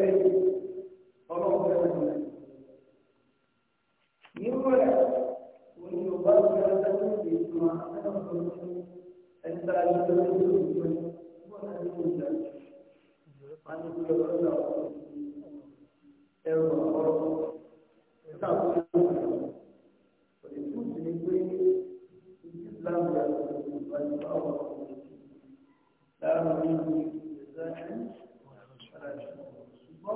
rẹ̀ ọlọ́run fẹ́ wọn lọ. nínú rẹ̀ wọ́n ní ọba ọ̀gá ẹgbẹ́ ìgbè ìgbìmọ̀ ẹgbẹ́ ẹni tá a lè lọ sí ìlú ìgbìmọ̀ bọ́ọ̀ náà ní ìjà a ní kí ọ̀gá ọ̀gá ẹ̀rọ ọ̀rọ̀ ẹ̀ta àkókò ìlú ìlú pé ìdí ìlànà ìgbà ìgbà ọ̀rọ̀ láàrin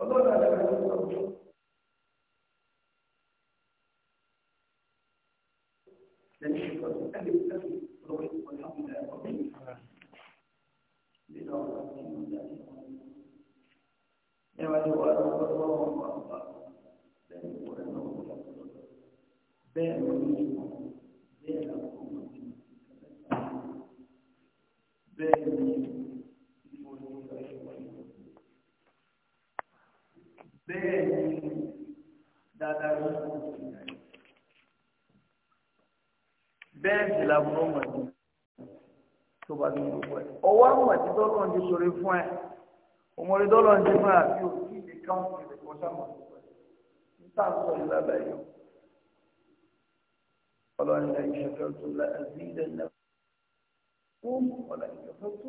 Falou, bẹ́ẹ̀ sì làbúrò mọ̀tí tó bá ti gbogbo ẹ̀ ọwọ́ mọ̀tí tọ́lọ́ ti sọ̀rọ̀ fún ẹ̀ ọmọdé tọ́lọ́ ti fún ẹ̀ àti òkú ìdè káwọn ìdè kọ́ sáwọn níta sọ ìlú abẹ́yọ ọlọ́run ilẹ̀ ìṣẹ̀fẹ́ tó lẹ́ ẹ̀sìn ilẹ̀ ilẹ̀ fún ọ̀lẹ́ ìṣẹ̀fẹ́ tó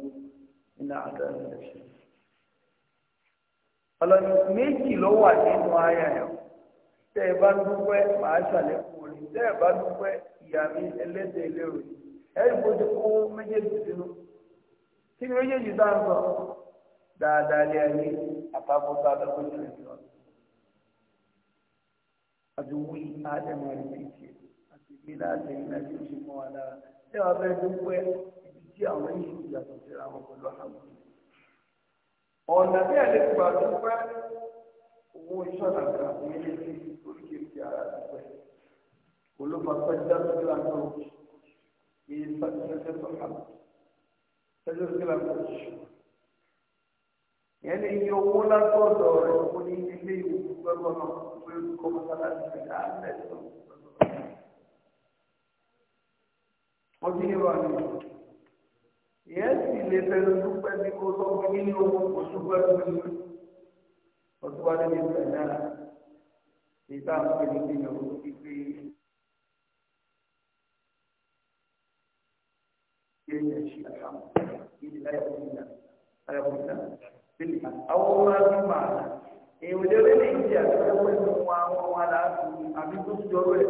iná àdá ilẹ̀ ìṣẹ̀fẹ́ ọlọ́run méjì ló wà nínú ayẹyẹ tẹ́ ẹ bá dúpẹ́ màá ṣàlékún orí tẹ́ ẹ bá dúpẹ́ ìyá mi ẹlẹ́dẹ̀ẹ́ lérò ẹ̀rí kó ti kó méjèèjì sínú kí ni méjèèjì tá à ń sọ dáadáa lé ayé àti wí rẹ̀ àti bí láti ní láti ṣe mọ́ wa lára tẹ́ fẹ́ dúpẹ́ ibi tí àwọn ti yàtọ̀ síra wọn pẹ̀lú àwọn ọ̀nà bí owó iṣẹ́ àgbà orílẹ̀-èdè oríṣiríṣi ara ìgbẹ́ olùfàṣẹ jáde gíláàsì yìí sàkíyèsí sọ̀kà jáde gíláàsì yẹn ní iye owó látọ̀dọ̀ rẹ̀ ó ní ilé ìwòsàn pẹ̀lú ọ̀nà pé kọ́ mọ́sálásí rẹ̀ á lẹ́sọ̀ wọ́n ti ní wà ní ìyẹn sì lè fẹ́ lójú pẹ́ bí kò sọ ní owó oṣù pẹ́lú mi ọtún wá lórí ìgbà náà ìta àwọn ènìyàn ní ọ̀rọ̀ pípé kéèyàn ṣe àkàmù ìdí láyàwó ìlà láyàwó ìlà sílẹ̀ àwọn ọmọ ẹni máa nà èèwọ̀ lè rí lẹ́yìn tí àtúntò pẹ̀lú àwọn ọmọ aláàbò àbí tó ń jọrọ ẹ̀.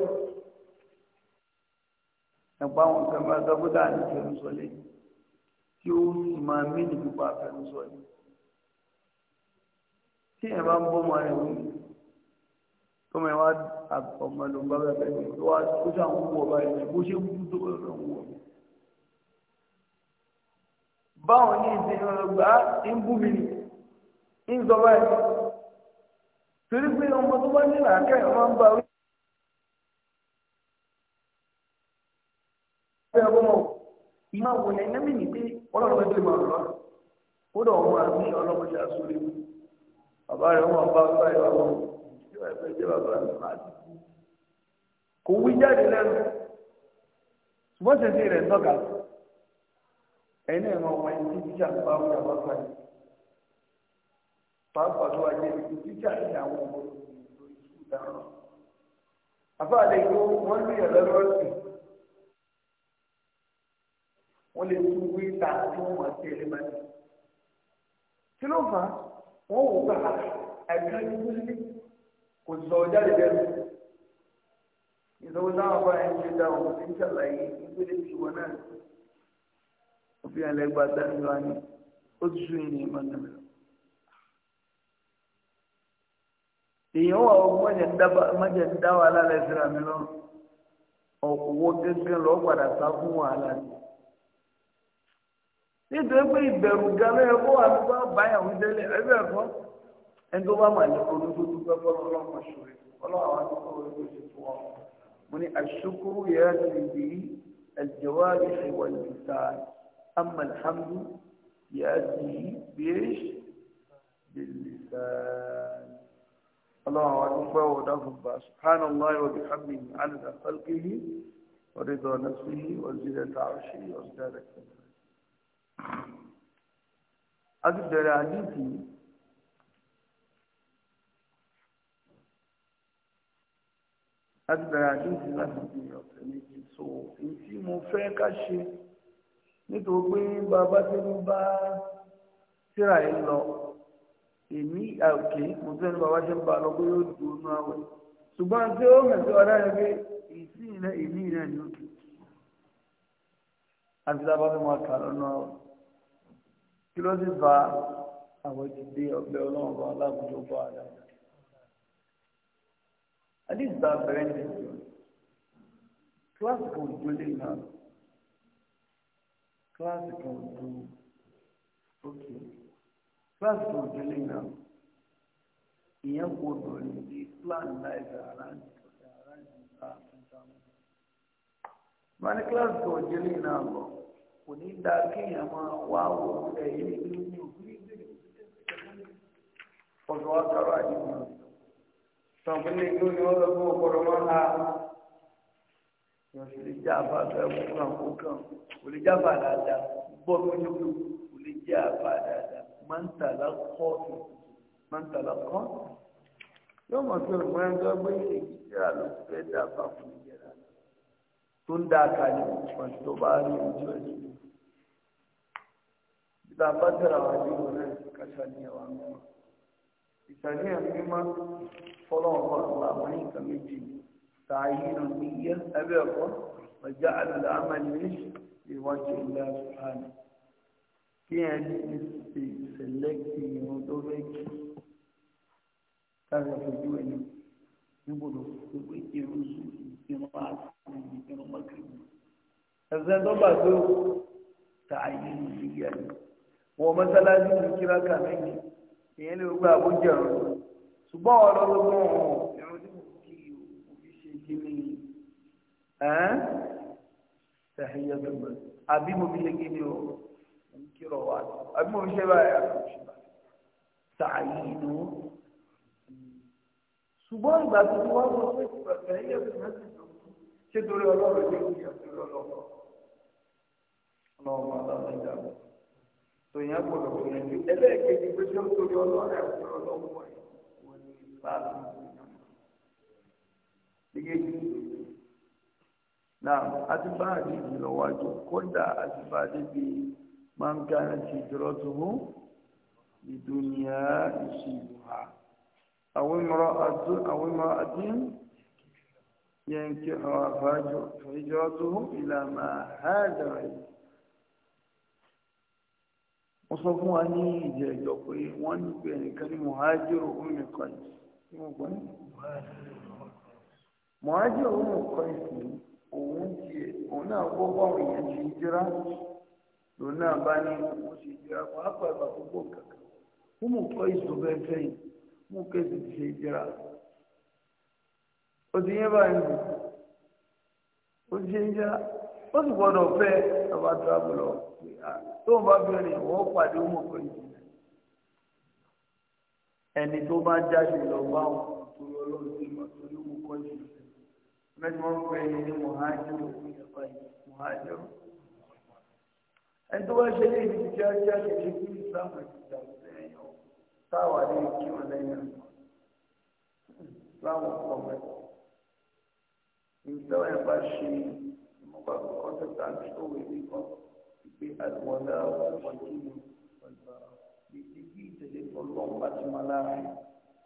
ẹ̀pọ̀ àwọn kan máa dọ́gbọ́dá àti ìfẹ́rùsọ̀lẹ̀ tí ó sì máa mí ní pípa àfẹ́rùsọ̀lẹ̀ tí ẹ̀ bá ń bọ́ ọmọ rẹ̀ wí tó mọ̀ wá ọmọ ló ń bá bẹ́ẹ̀ bẹ́ẹ̀ tó wá tó sàwọn wọ̀ báyìí bó ṣe kú tó ọ̀rọ̀ wọ̀. báwọn ní ìsinmi ọlọgbà ń bú mi ní ń sọ báyìí torí pé ọmọ tó bá nílà akẹ́yọ̀ máa ń bá orí. ìmáwòlẹ̀ ẹ̀yẹ́mì ní pé ọlọ́run ẹgbẹ́ máa lọ́rùn kódà ọmọ àti ọlọ́mọdé bàbá rẹ̀ wọ́n bá bá ìwà wọn ìwà ìfẹ́ jẹ́ bàbá rẹ̀ máa ti kú. kò wí jáde lẹ́nu ṣùgbọ́n ṣe sí rẹ̀ tọ́ka ẹ̀yin náà máa wọ́n ti tíṣà bá wọn bá fà yìí. pàápàá tó wá jẹ́ ibi tíṣà ní àwọn ọmọ ìlú ìdáhùn. àfáàlẹ́ ìlú wọ́n ní ẹ̀lọ́rọ́sì wọ́n lè tún wí ta tí wọ́n máa tẹ̀lé máa wọ́n wò pé ẹ̀ka ìwúlé kò sọ jáde lẹ́nu. ìsanwó táwọn bá ẹ̀ ń ṣe dá òun ti ń ṣàlàyé ìpele ìṣòwò náà. òfin ẹlẹgbàá dání lọ ní ó ti sún ìní ìmọ̀ náà lọ. èèyàn wà ọgbọ́n mọ̀jẹ̀ ń dá wàhálà lẹ́sìn àmì lọ ọ̀wọ́ gẹ́gẹ́ lọ́ọ́ padà sá fún wàhálà ni. nítorí pé ìbẹ̀rù gan ló kó wà nípa ní báyàwó délé ẹgbẹ́ ẹ̀kọ́ ẹni tó bá mà ní olójú fe fọlọ́ ọlọ́mọ ṣùgbọ́n ọlọ́wọ́ àwọn tó kọ́ orí oṣù tó wọ́n mo ní àṣukúrú yẹ ẹ́ ti di ẹ̀jẹ̀wá ìṣe wà ní ìta amma alhamdu yẹ ẹ́ ti di bíyèsí lè ta. ọlọ́wọ́ àwọn tó kọ́ ọ̀dà fún bá subhanallahi wa ní alẹ́ khalqihi wa ridha nafsihi wa zinata arshihi wa sadaqati a ti bẹ̀rẹ̀ àdìsí a ti bẹ̀rẹ̀ àdìsí láti fi ọ̀sẹ̀ méjì so èyí tí mo fẹ́ ká ṣe nítorí pé bàbá tí mo bá síra ẹ̀ lọ èmi àòkè mo fẹ́ ní bàbá ṣe ń bá lọ pé yóò dùn ún àwẹ̀ ṣùgbọ́n tí ó mẹ̀sẹ̀ ọ̀dá pé ìsìn ìlẹ̀ ìlú ìrìn àjò àti lábàbí wọn kà lọ́nà àwẹ̀ kí ló sì fa àwọn ti dé ọgbẹ́ ọlọ́run bá aláàbùjọ bá àdá àdìsí bá bẹ̀rẹ̀ ní ìjọ kíláàsì kan ò dúró lẹ́yìn náà kíláàsì kan ò dúró ókè kíláàsì kan ò dúró náà ìyẹn kò dùn ní bí plan life around around the past. Mani kíláàsì kan ò dúró lẹ́yìn náà lọ kò ní dá kéèyàn máa wá wò ẹ̀yìn ìlú ní òkúrí ìbéèrè ọ̀dọ̀ ọ̀tọ̀rọ̀ àdìmọ̀ sọ̀kúnlé tó ní wọ́n lọ́gbọ́n ọ̀pọ̀lọ́ máa ha yóò sì lè já àbá fẹ́ kúkan kúkan kò lè já àbá dáadáa gbọ́ mi ní kú kò lè já àbá dáadáa máa ń tà lákọ́ máa a lọ fẹ́ dábàá fún tó ń dáa kalẹ̀ pàṣẹ tó bá rí ojú ẹ̀sìn ìta bá tẹ̀ra wá ní ìwọ̀n náà kàṣà ní ẹ̀wà mímọ́ ìtàníyà mímọ́ fọlọ́wọ́ àwọn àwọn nǹkan méjì tààyè nà ní iye ẹbẹ̀ ẹ̀kọ́ ọjà àdàdà àmàlẹ́ ìwájú ìlà àná kí ẹ ní ṣe sẹlẹ́kì ìrún tó fẹ́ kí káfíńtì ojú ẹni níbo ló fi pé irú sùn irun àti irun mọ́kìrì ẹ̀sẹ̀ tó gbà pé ó ta àyè ìyá ni wọ́n mọ́sálásí ní kíráka mẹ́yìn ìyẹn lè gbé àbújá rẹ̀ ṣùgbọ́n ọ̀rọ̀ lọ́gbọ́n ẹ̀rọ tí mo kí òfin ṣe kí ni tàhíyà tó gbà àbí mo fi ṣe kí ni o ń kírọ̀ wá àbí mo fi ṣe báyà ta àyè inú ṣùgbọ́n ìgbà tó wọ́n sọ pé tàhíyà tó gbà ṣé torí ọlọ́run ní ìyá torí ọlọ́run ọlọ́run àtàwọn ìjà tòyìn àgbọ̀dọ̀ tó yẹn ju ẹlẹ́ẹ̀kejì pé ṣé torí ọlọ́run àti ọlọ́run wọ̀nyí wọ́n ní ìfáàlù ìgbéyàwó. Naam, àti bá àdìsí lọ wájú, kódà àti bá débi máa ń gára ti ìdúrótùmú ìdúnyà ìṣèlú ha. Àwọn ìmọ̀ràn àdín ينكحها فهجرتهم إلى ما هاجر إليه wọ́n sọ fún wa ní ìjẹ́ ìjọ pé wọ́n ní pé ẹnìkan ní mohajiru omi kọ́ìsì tí wọ́n gbọ́ ní mohajiru omi kọ́ìsì òun ti òun náà gbọ́ báwọn èèyàn ṣe jíra lòun náà bá ní òun ṣe jíra pàápàá ìgbà gbogbo kankan omi kọ́ìsì tó bẹ́ẹ̀ fẹ́yìn mú kẹ́sì ti ṣe jíra ó ti yé báyìí nù ó ti ṣe ń já ó sì gbọ́dọ̀ fẹ́ ọba tíráàbù lọ tó ń bá bẹ̀rẹ̀ wọ́n pàdé ó mọ̀ pé ìjìnlẹ̀ ẹni tó bá jáde lọ bá wọn tó lọ lọ sí ìmọ̀ tó ní wù kọ́ jù mẹ́tí wọ́n ń pè é ní mọ̀hájúrò ìjọba yìí mọ̀hájúrò ẹni tó bá ṣe ní ìdí tí a jáde ní kí ìsáàmù ìjà lẹ́yìn táwa ní kí wọn lẹ́yìn àwọn ọmọ ẹ̀kọ́. Então é baixinho, não vai contratar, estou ele Porque as mandalas continuam. E seguinte, ele falou, bate malai,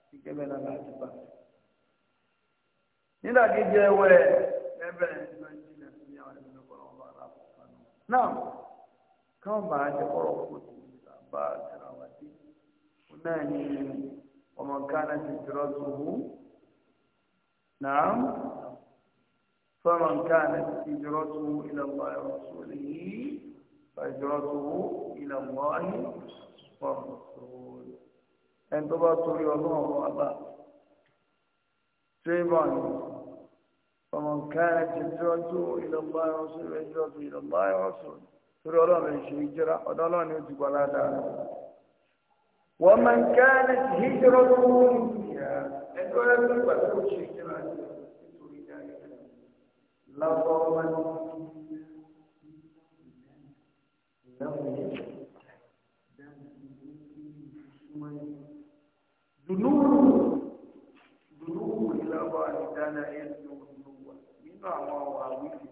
fica bem na noite, bate. Nígbà gidi ẹwẹ ẹbẹ nàìjíríà sí àwọn ẹgbẹ́ ọ̀rọ̀ ọba aláàbùkà náà. Káwọn bá a jẹ́ ọ̀rọ̀ fún ti bá a tẹ̀ra wá sí. Ó náà ní ọmọ Ghana ti dúró tó wú. فمن كانت هجرته إلى الله ورسوله فهجرته إلى الله ورسوله أن تبطل الله وأبا سيبان فمن كانت هجرته إلى الله ورسوله فهجرته إلى الله ورسوله torí ọlọ́run ṣe hijira ọ̀dọ̀ ọlọ́run ni ó ti gbọ́ ládàá rẹ̀. wọ́n máa ń ká ní لقوما ذنوب ذنوب ìlọ́bọ̀ ni dáná ẹnu olùwà nínú àwọn ọ̀wà wíìlì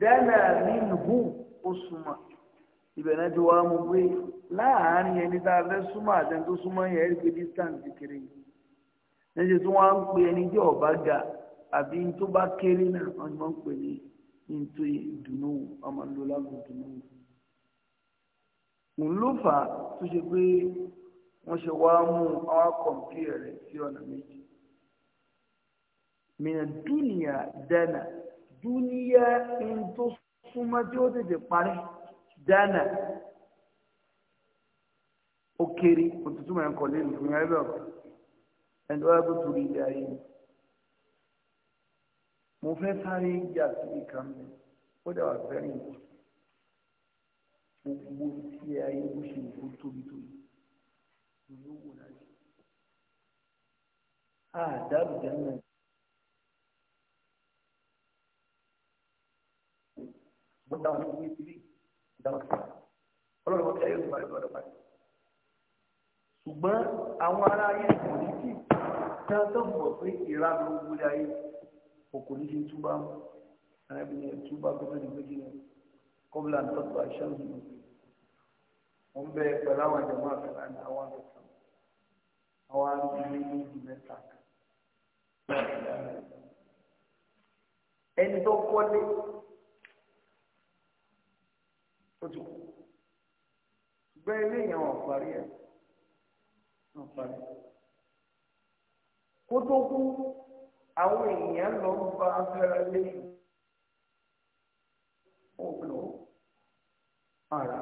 dáná nínú ó súnmọ́ ibẹ̀ náà ti wá mú pé láàárín ẹni tá a fẹ́ súnmọ́ àtẹni tó súnmọ́ yẹn ẹ̀rí pé distance kékeré yìí ẹni tí wọ́n á ń pe ẹni jẹ́ ọ̀bá ga àbí n tó bá kéré náà wọn máa ń pè ní n tó yẹ ìdùnnú ọmọ ló lágbo ìdùnnú òun ló fà á tó ṣe pé wọn ṣe wá mú àwọn kọ̀ǹpì rẹ̀ sí ọ̀nà méjì mìíràn dúnìyà dáná dúnìyà n tó súnmọ́ tí ó tètè parí dáná ó kéré òtútù máa ń kọ́ lẹ́nu ìgbìyànjú ẹgbẹ́ ọ̀gá ẹni tó wá gbé torí ilé ayé ni mo fẹ́ sáré yà sí ìkan mi ó dẹ̀ wà fẹ́ràn gbogbo tí ayé bó ṣe kó tóbi tóbi ni yóò wò láti. àdáàbò jẹ́ náà. mo dá wọn ní ìwé ìdílé ìdáwọn sí ọlọ́run wọn kí ayé òṣùpá lọ́dọ̀ lọ́dọ̀ báyìí. ṣùgbọ́n àwọn ará ayé kò ní kí tí wọ́n tó mọ̀ pé ìranù gbogbo ayé òkò ní ṣe túbá arábìnrin ẹ̀ túbá kó tó di pé kí ni kọ́bílà ń tọ́tù àṣẹ́wò ní wọ́n bẹ pẹ̀lú àwọn ìjọba àfẹ́lá ní àwọn àfẹ́fẹ́ àwọn àgbẹ̀lẹ́ ní ìdí mẹ́ta ẹni tó kọ́lé ó ti kú gbẹ́ ilé yẹn wọ́n parí ẹ̀ wọ́n parí kó tó kú. àwọn èèyàn lọ ń bá abẹ́rẹ́ lẹ́yìn òun ara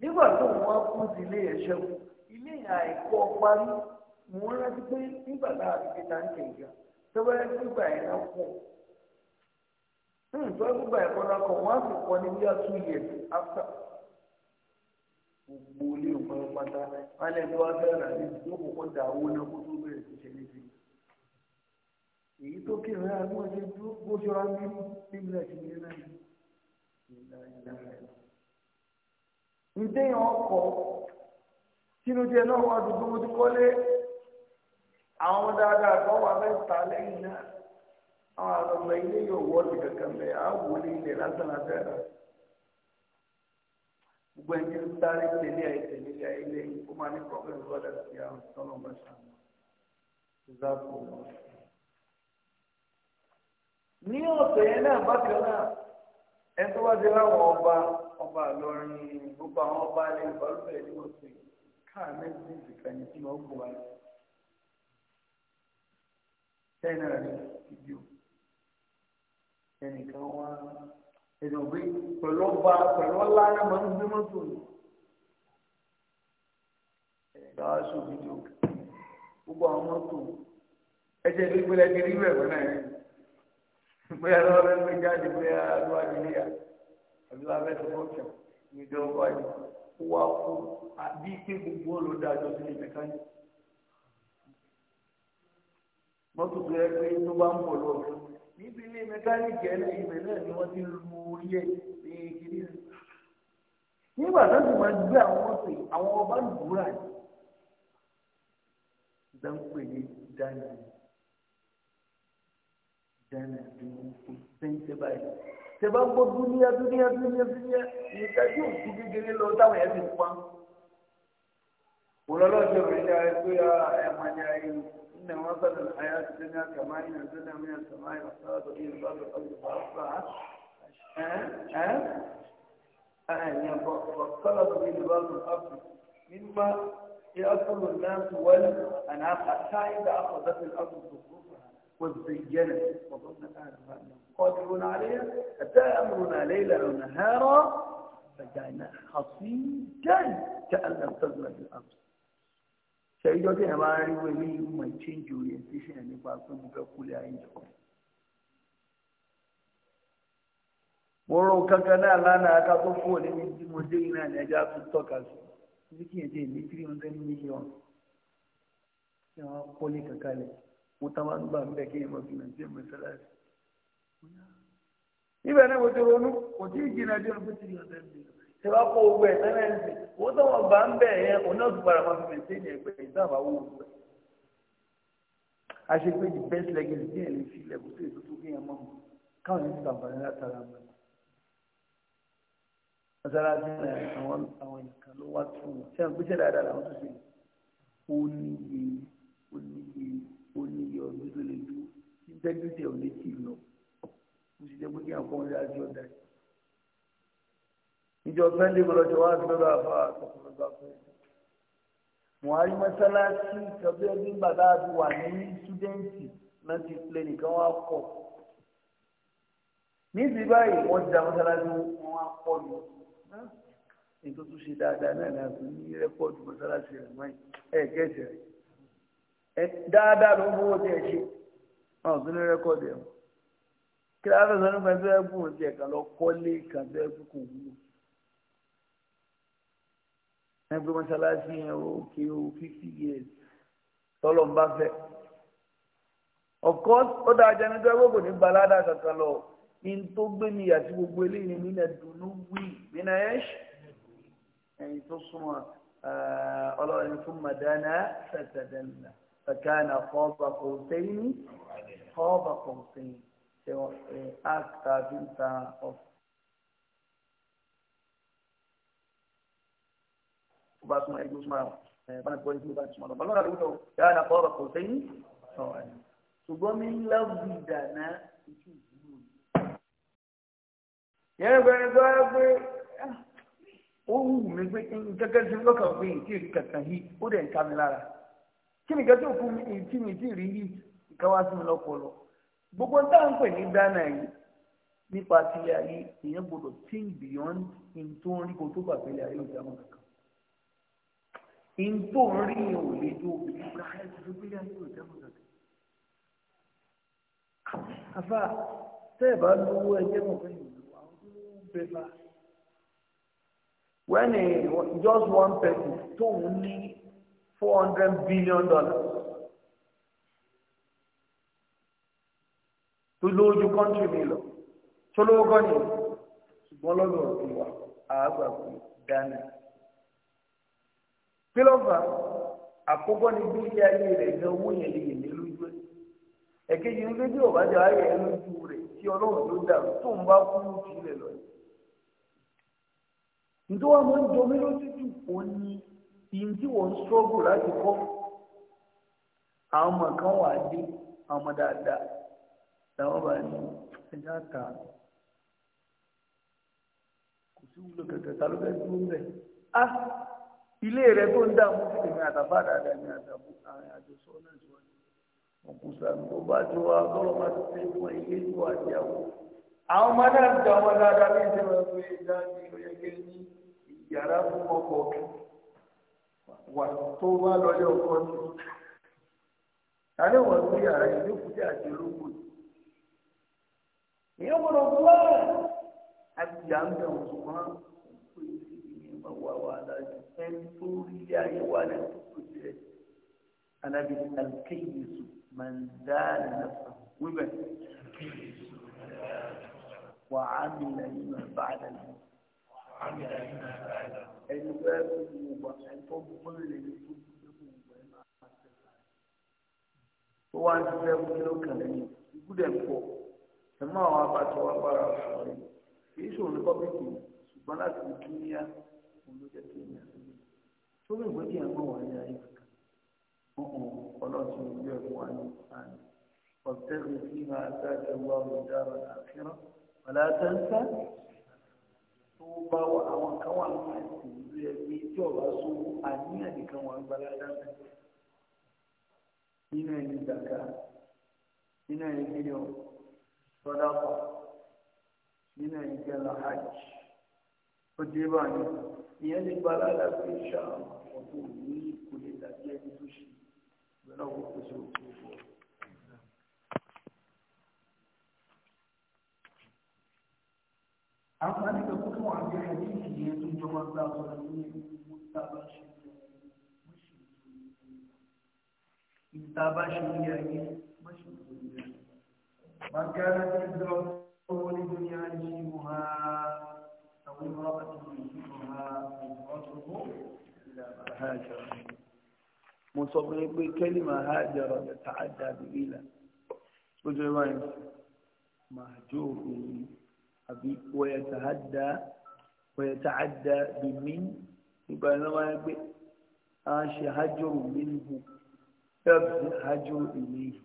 nígbà tó kú sí ilé ẹ̀ṣẹ̀ ilé rántí pé nígbà a ti fi ta ń kẹ̀kẹ́ tó gbígbà yẹn náà pọ̀ hmm, tó gbígbà yẹn náà kọ̀ wọ́n á sì kọ́ ní a tún gbogbo ilé òpin pátá àti ìdókòkò náà kó tó bẹ̀rẹ̀ sí èyí tó kéré àwọn ọmọ ẹgbẹ́ tó bó ṣe wá ní nígbà tí mo ní náà nígbà ìdára ẹ̀. ǹdẹ́yìn ọkọ̀ sínú jẹ́ náà wọ́n dùdú mo ti kọ́lé àwọn ọmọ dáadáa kan wà mẹ́ta lẹ́yìn náà àwọn àlọ́gbà ilé yóò wọ́ọ̀lù kankan bẹ́ẹ̀ á wọlé ilẹ̀ lásán àbẹ́rẹ́ gbogbo ẹni tó sáré tẹ̀lé ayé tẹ̀lé ayé lẹ́yìn ó máa ní pọ̀blẹ́mù lọ́dà sí àwọn tọ́lọ́mọṣà ìzáàpù ní ọ̀sẹ̀ yẹn náà bákan náà ẹni tó wá dé láwọn ọba ọba àlọrin gbogbo àwọn ọba ilé ìbálòpọ̀ ẹni wọ́n ti káà méjì ìkànnì tí wọ́n gbọ́ wáyé sẹ́yìn náà ní ìdíò ẹnìkan wá ẹnì òbí pẹ̀lú ọba pẹ̀lú ọlá náà máa ń gbé mọ́tò ní ẹ̀ka aṣọ ìdíò gbogbo àwọn mọ́tò ẹ̀jẹ̀ ìgbélé ti rí wọ́n náà yẹn bóyá lọ́wọ́ bẹ́ẹ̀ gbé jáde bóyá lọ́wọ́ àdìlẹ́yà àbí lọ́wọ́ bẹ́ẹ̀ sọ́kọ̀ọ̀tàn ìjọ wà ní wà kú àbí pé gbogbo olùdájọ́ sí ilé mẹkáníkì. mọ́tò tó yẹ pé tó bá ń bọ̀ lọ níbi ilé mẹkáníkì ẹ̀ ibẹ̀ náà ni wọ́n ti lu orí ẹ̀ ní kiri nígbà tó sì máa gbé àwọn mọ́tò àwọn ọba lùbúrà yìí. ìdánwò pè ní dání péńté báyìí tẹ bá gbọ́ dúníà dúníà dúníà dúníà ìdájọ́ òkú kékeré lọ táwọn ẹ̀ fi pa ولولا جبريل يا أمانيائي إن مثل الحياة الدنيا كماء أنزلنا من السماء فاختلط به البر والأرض فأصبح فاختلط به البر والأرض مما يأكل الناس والأنعام حتى إذا أخذت الأرض الزخرف وزينت وظن أهلها أنهم قادرون عليها أتى أمرنا ليلا أو نهارا فجعلناها حصيدا كأن لم تزل بالأمس ṣẹjọ́ tí ẹ bá rí wọ ilé ìmọ ìchange orientation nípa pé mo fẹ́ kú lé ayé jọ. mo rọ kankan náà lánàá ká tó fún òní ní tí mo dé iná ní ẹja tó tọ́ka sí ní kí n dé ní three hundred million. ṣé wọn kọ́lé kankan lẹ̀. mo tá máa ń gbà ń bẹ kí èèmọ̀ fi nàìjíríà mọ́ṣáláṣí. ibẹ̀ náà mo ti ronú kò tí ì jìnnà dé olùkọ́ ti yọ̀ọ̀dẹ́ mi ṣe wá kó ogun ẹ̀ tẹ́lẹ̀ ń sìn owó tó wọn bá ń bẹ̀ o òun náà tún padà máa fi mẹ̀tẹ́ẹ̀nì ẹ̀pẹ́ ìdáàbà owó ogun ẹ̀. a ṣe pé the best legacy díẹ̀ lè fi ilẹ̀ kó sí èso tó kéèyàn mọ́ káwọn yẹn ti sàǹfààní látara mọ́ mọ́sálásí náà àwọn àwọn èèyàn kan tún wọn ṣé àwọn dáadáa làwọn tó ṣe ó ní iye ó ní iye ìṣẹ́jú tẹ̀ ò ní tì lọ mo sì jẹ́ pé kí àwọn ọmọdé àti ọ̀dà yìí. níjọ sunday kọlọ́jọ wá sí lọ́dọ̀ àfa àtọkùnrin bá fún mi. buhari mọ́sálásí ìtọ́jú ẹbí bàbá àti wà ní ṣúdẹ́ǹtì náà ti pè nìkan wá kọ̀. ní ti báyìí wọ́n ti da mọ́sálásí wọn wá pọ̀ lọ. ètò tó ṣe dáadáa náà ni a ní rẹ́kọ̀dù mọ́sálásí rẹ̀ mọ́ ẹ̀ kẹ́sì rẹ̀. dáadáa ló ń bọ́ wọ́n ti ẹ̀ ṣe àwọn tó ní rẹ́kọ̀dì ẹ̀ kí ló fẹ́ sọ nípa ẹni tó yẹ kó ti ẹ̀ka lọ kọ́lé kan tó yẹ kó kò wúlò ẹni pé mọ́ṣáláṣí yẹn ó ké o fifty years tọ́lọ̀ ń bá fẹ́ of course ó dáa jẹ́ nítorí ẹgbẹ́ kò ní balada kankan lọ in tó gbé mi àti gbogbo eléyìí mi nà dùnú wí mi nà ẹ̀ṣ ẹ̀yin tó súnmọ́ ọlọ́run fún madana sàtàdánlá. فكان قاب قوسين قاب قوسين so acta vita of ba su mai gusma bana ko ni ba su ma ba lora ruto ya na qaba qausain so ṣùgbọ́n mi ń lọ́ọ̀bù ìdáná ìtú ìdúró yẹn gbẹrẹ gbọ́ pé ah, ó wù mí pé nǹkan kan ti lọ́kàn pé ìtì kankan yìí ó dẹ̀ ń ká mi lára kí nìkan tó kú ìtì mi ti rí yìí ìkan wá sí mi lọ́pọlọ gbogbo tá à ń pè ní Ghana yìí nípa tilé ayé èèyàn gbọdọ̀ think beyond in tó ń rí kó tó gbà pélé ayé òjá mọ́ kankan in tó ń rí yẹn ò lè tó obìnrin ayé òjá mọ́ kankan. àfa tẹ́ bá lówó ẹgbẹ́ mọ̀ fẹ́ yìí àwọn tó ń bẹ bá. when a, just one person tóun ní. $400 billion. tó lójú kọ́ńtì mi lọ tó lóògọ́ ni ṣùgbọ́n lọ́dọ̀ òkú wa àgbà kú Ghana. kí àkọ́kọ́ ni bí ilé ayé rẹ̀ gan owó yẹn lè yẹn lójú ẹ̀. ẹ̀kejì bí jẹ ayé ẹ̀ lójú rẹ̀ tí ọlọ́run ló dàrú tó ń bá kú lọ. ní yìí tí wọ́n ń ṣọ́ọ̀bù láti kọ́ àwọn ọmọ kan wà dé àwọn ọmọ dáadáa làwọn bá ní ẹja ta kò sí wúlò kẹ̀kẹ́ ta ló fẹ́ dúró ilé tó ń dààmú sí èmi dáadáa àwọn àjọṣọ náà ti wáyé tó bá wá ti fẹ́ fún ilé tó àwọn ọmọ náà ti dáadáa ní ìyàrá fún ọkọ̀ ọ̀kẹ́. wà tó wá lọ́lé ọkọ ní. Tàbí wọ́n gbé yàrá yìí lókùté àti olóko yìí. Èyí gbọ́dọ̀ gbọ́ àbíyá ń bẹ̀rù ṣùgbọ́n kò yí sí ìyẹn bá wà wà láti ẹni tó rí ayé wà ní tó tó Anabi alkeyisu mandana nafa wíbẹ̀. Wà á mi lẹ́yìn náà bá a dàgbà ẹni tó ẹ kó gbogbo ọgbà ẹni tó gbọ́n lè ní tó gbogbo ọgbà ẹ máa ṣe sáré tó wá ń ṣiṣẹ́ fún kíló kan lẹ́yìn ìgúdẹ̀ pọ̀ ẹ máa wá bá tó wá bára sọ̀rọ̀ yìí kì í ṣòro ní pọ́bíkì ṣùgbọ́n láti ní kíníyà òun ló jẹ́ kí ní àṣírí tó lè gbé kí ẹ mọ̀ wá ní ayé kankan ọ̀hún ọlọ́run ti ní ẹ̀kọ́ wá ní ìsáni ọ̀tẹ́rù fi máa dájọ́ wá ọ̀dọ́ bá wà àwọn kan wà ní àìsàn ìlú ẹgbẹ́ tí ọba so àníyàn nìkan wà ń gbára dáná nínú ẹni gbàgbà nínú ẹni kíni ọ sọdá pa nínú ẹni jẹlá hajj ó dé báyìí ìyẹn ní gbára dáná ṣá ọ̀tún ní kò lè dàbí ẹni tó ṣe ìgbẹ́nà kò pèsè òkú fún ọ. Thank àwọn agbára ní ìmúta bá ṣe ní ayé ìta bá ṣe ní ayé mọ́ṣù tó ní ayé bàkàrà ti dọ owó ní dúnyà ń ṣe mú ha àwọn ìwà àti ìṣẹ́ mú ha ọ̀tún mú ìlànà àhájọ mo sọ fún yín pé kẹ́lí máa ha jọrọ ta àdá bìbí là ó jẹ́ báyìí máa jó òun àbí wọ́n yẹ ta àdá. ويتعدى بمن يبقى أنا ما يبقى أشي هجر منه ẹ̀bùn hajjú ìlú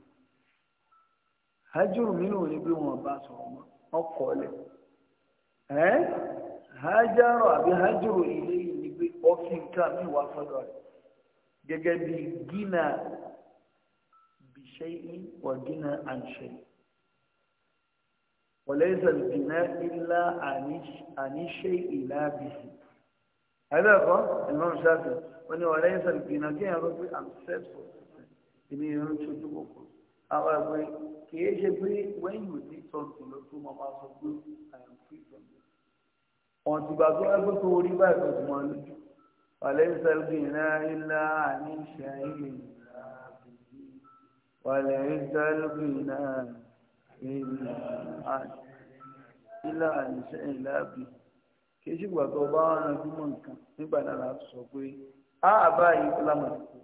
hajjú mìíràn ní bí wọn bá sọ̀rọ̀ mọ́ ọkọ̀ ọ̀lẹ̀ ẹ́ hajjárọ̀ àbí hajjú ìlú ní bí ọfí nǹkan mi wà fọ́dọ̀ rẹ̀ gẹ́gẹ́ bí gínà bìṣẹ́ wà gínà àǹṣẹ́ yìí. وليس البناء إلا عن شيء لابس هذا هو المهم الشافعي وأنه وليس البناء كي يقول I'm set for إني يرمشو تبوكو أقول كي يشبه when you did something you do mama so good I am free from this on ti gbàgbọ́ ẹgbẹ́ tó وليس البناء إلا عن شيء لابس وليس البناء ilá ìṣẹ́ ìlàbí kì í ṣe ìgbà tó bá wọn ránjú mọ́ nǹkan nígbà náà láti sọ pé àbá yìí lámọ̀ ìkó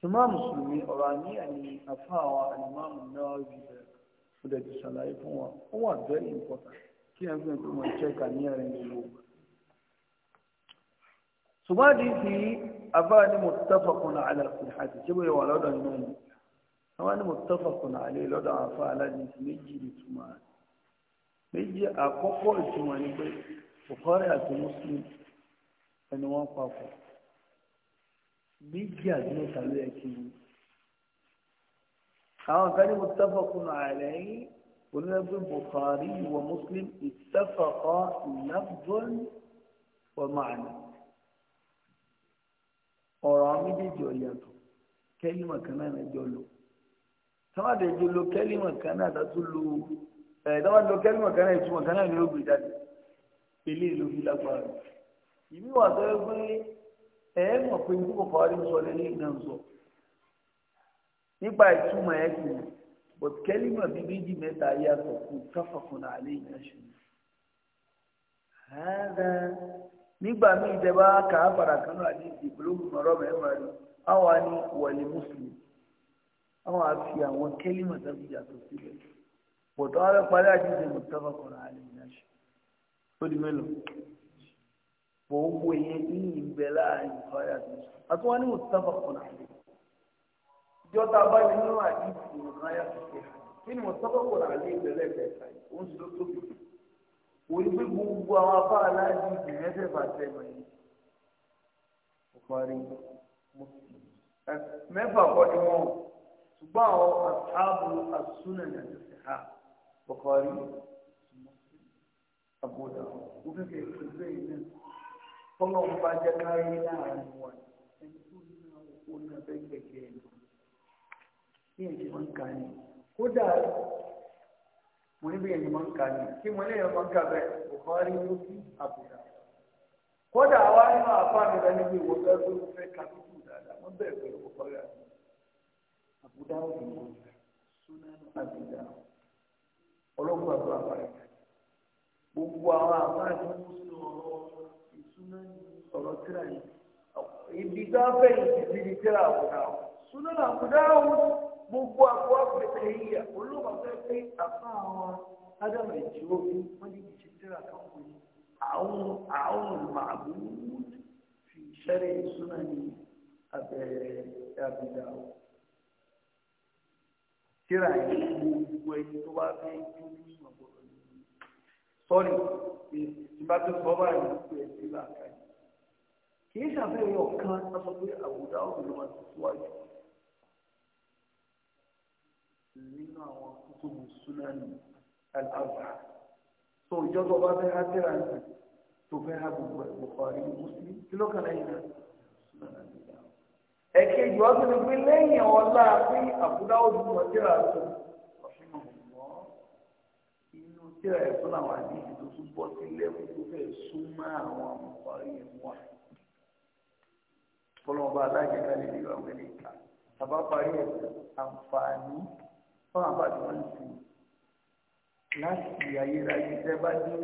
tùmọ̀ mùsùlùmí ọ̀rọ̀ àníyàn ni àfa àwọn àlùmọ́ọ̀mù náà rí bẹ̀rẹ̀ ó dẹ̀ ti ṣàlàyé fún wa ó wà very important kí ẹ̀ gbìyànjú tó mọ̀ ṣẹ́ kà ní ẹ̀rìn gbogbo. ṣùgbọ́n àdìsí àbá ni muttafaqun ala sihhati ṣé àwọn ni muttafaqun alayhi lọ́dọ̀ àfa aládìsí méjì ìtumọ̀ méjì àkọ́kọ́ ìtumọ̀ ni pé Bukhari àti Muslim ẹni wọ́n papọ̀ méjì àti mẹ́ta ló yẹ kí ni àwọn kan ní muttafaqun alayhi onílẹ̀gbẹ́ Bukhari wa Muslim ittafaqa lafzan wa ma'na ọ̀rọ̀ àwọn méjèèjì ọ̀yàtọ̀ kẹ́yìn mọ̀kànnà ẹ̀jọ̀ lò táwọn àdéjọ lo kẹ́límọ̀ kan náà tó lo ẹ̀ táwọn lo kẹ́límọ̀ kan náà ìtumọ̀ kan náà ní lóògbé jáde ilé ìlú fi lágbára rẹ̀ ìmí wà tó yẹ pé ẹ̀ ẹ́ mọ̀ pé nígbà fàárí sọ lẹ́lẹ́ ìdáhùn sọ nípa ìtumọ̀ ẹ̀ kì í but kẹ́límọ̀ bíi méjì mẹ́ta yàtọ̀ kù káfàkùn náà àlẹ́ ìyànṣẹ́ nígbà míì ìjẹba kàá fara kan náà àdéhùn ìpolówó mọ̀rọ̀ mẹ́rin àwọn àfi àwọn kẹ́límọ̀ tàbí yàtọ̀ sílẹ̀ bọ̀tọ̀ ara parí àjíjẹ mọ̀tàbà kọ̀ọ̀rọ̀ àlèyànṣe ó di mélòó bọ̀ ó wo ìyẹn ní ìgbẹ́ láàrin parí àjíjẹ àti wọn ní mọ̀tàbà kọ̀ọ̀rọ̀ àlè ìjọba abáyọ nínú àjíjẹ nǹkan yàtọ̀ sí ẹ̀ kí ni mọ̀tàbà kọ̀ọ̀rọ̀ àlè ìbẹ̀lẹ̀ kẹta òun sì ló tóbi ṣùgbọ́n àwọn asáàbù asúnà ní àdìsíhà bọ̀kọ́rí àbúdà òfin kì í ṣe bẹ́ẹ̀ kódà nínú àfáà mi lẹ́nu bẹ́ẹ̀ tó fẹ́ dáadáa wọ́n bẹ̀rẹ̀ pẹ̀lú Abu Dawud Sunan Abi Dawud àti àfàrẹ́ gbogbo àwọn ọrụ tó ń ìsúná ní tíra yìí ibi tó yìí ti di tíra Abu Dawud Sunan Abu Dawud gbogbo àpò àpẹtẹ yìí olóòwò fẹ́ pé àwọn ádámù wọn ní tíra kan kò ní àwọn àwọn fi ìsúná ní tíra yìí gbogbo ẹni tó bá fẹ́ ju ìmọ̀ gbọ́dọ̀ nínú sọ́ọ̀rì tí bá tó sọ báyìí gbogbo ẹ̀ sí làákà yìí. kì í ṣàfihàn ọ̀kan sọ pé àbùdá òun ló máa ti síwájú nínú àwọn tó mú súnámì aláàbà tó ìjọ tó bá fẹ́ hátìrà tó fẹ́ ha ẹ̀ bùkọ́rí mùsùlùmí kí ló láyé náà súnámì ẹ̀kejì wá sí ni pé lẹ́yìn ọlá pé àbúdá ó dùn wọ́n tíra tó ọ̀sìn ọ̀gbọ́n inú tíra ẹ̀ fún àwọn àdéhì tó tún bọ́ sí lẹ́kùn tó fẹ́ súnmọ́ àwọn àmọ̀kọ́rí yẹn wà. fọlọ́mọba aláìjẹká lè nílò àwọn ẹni ìka bàbá parí ẹ̀ àǹfààní fún àbájọ wọn sí láti ayérayé tẹ́ bá dé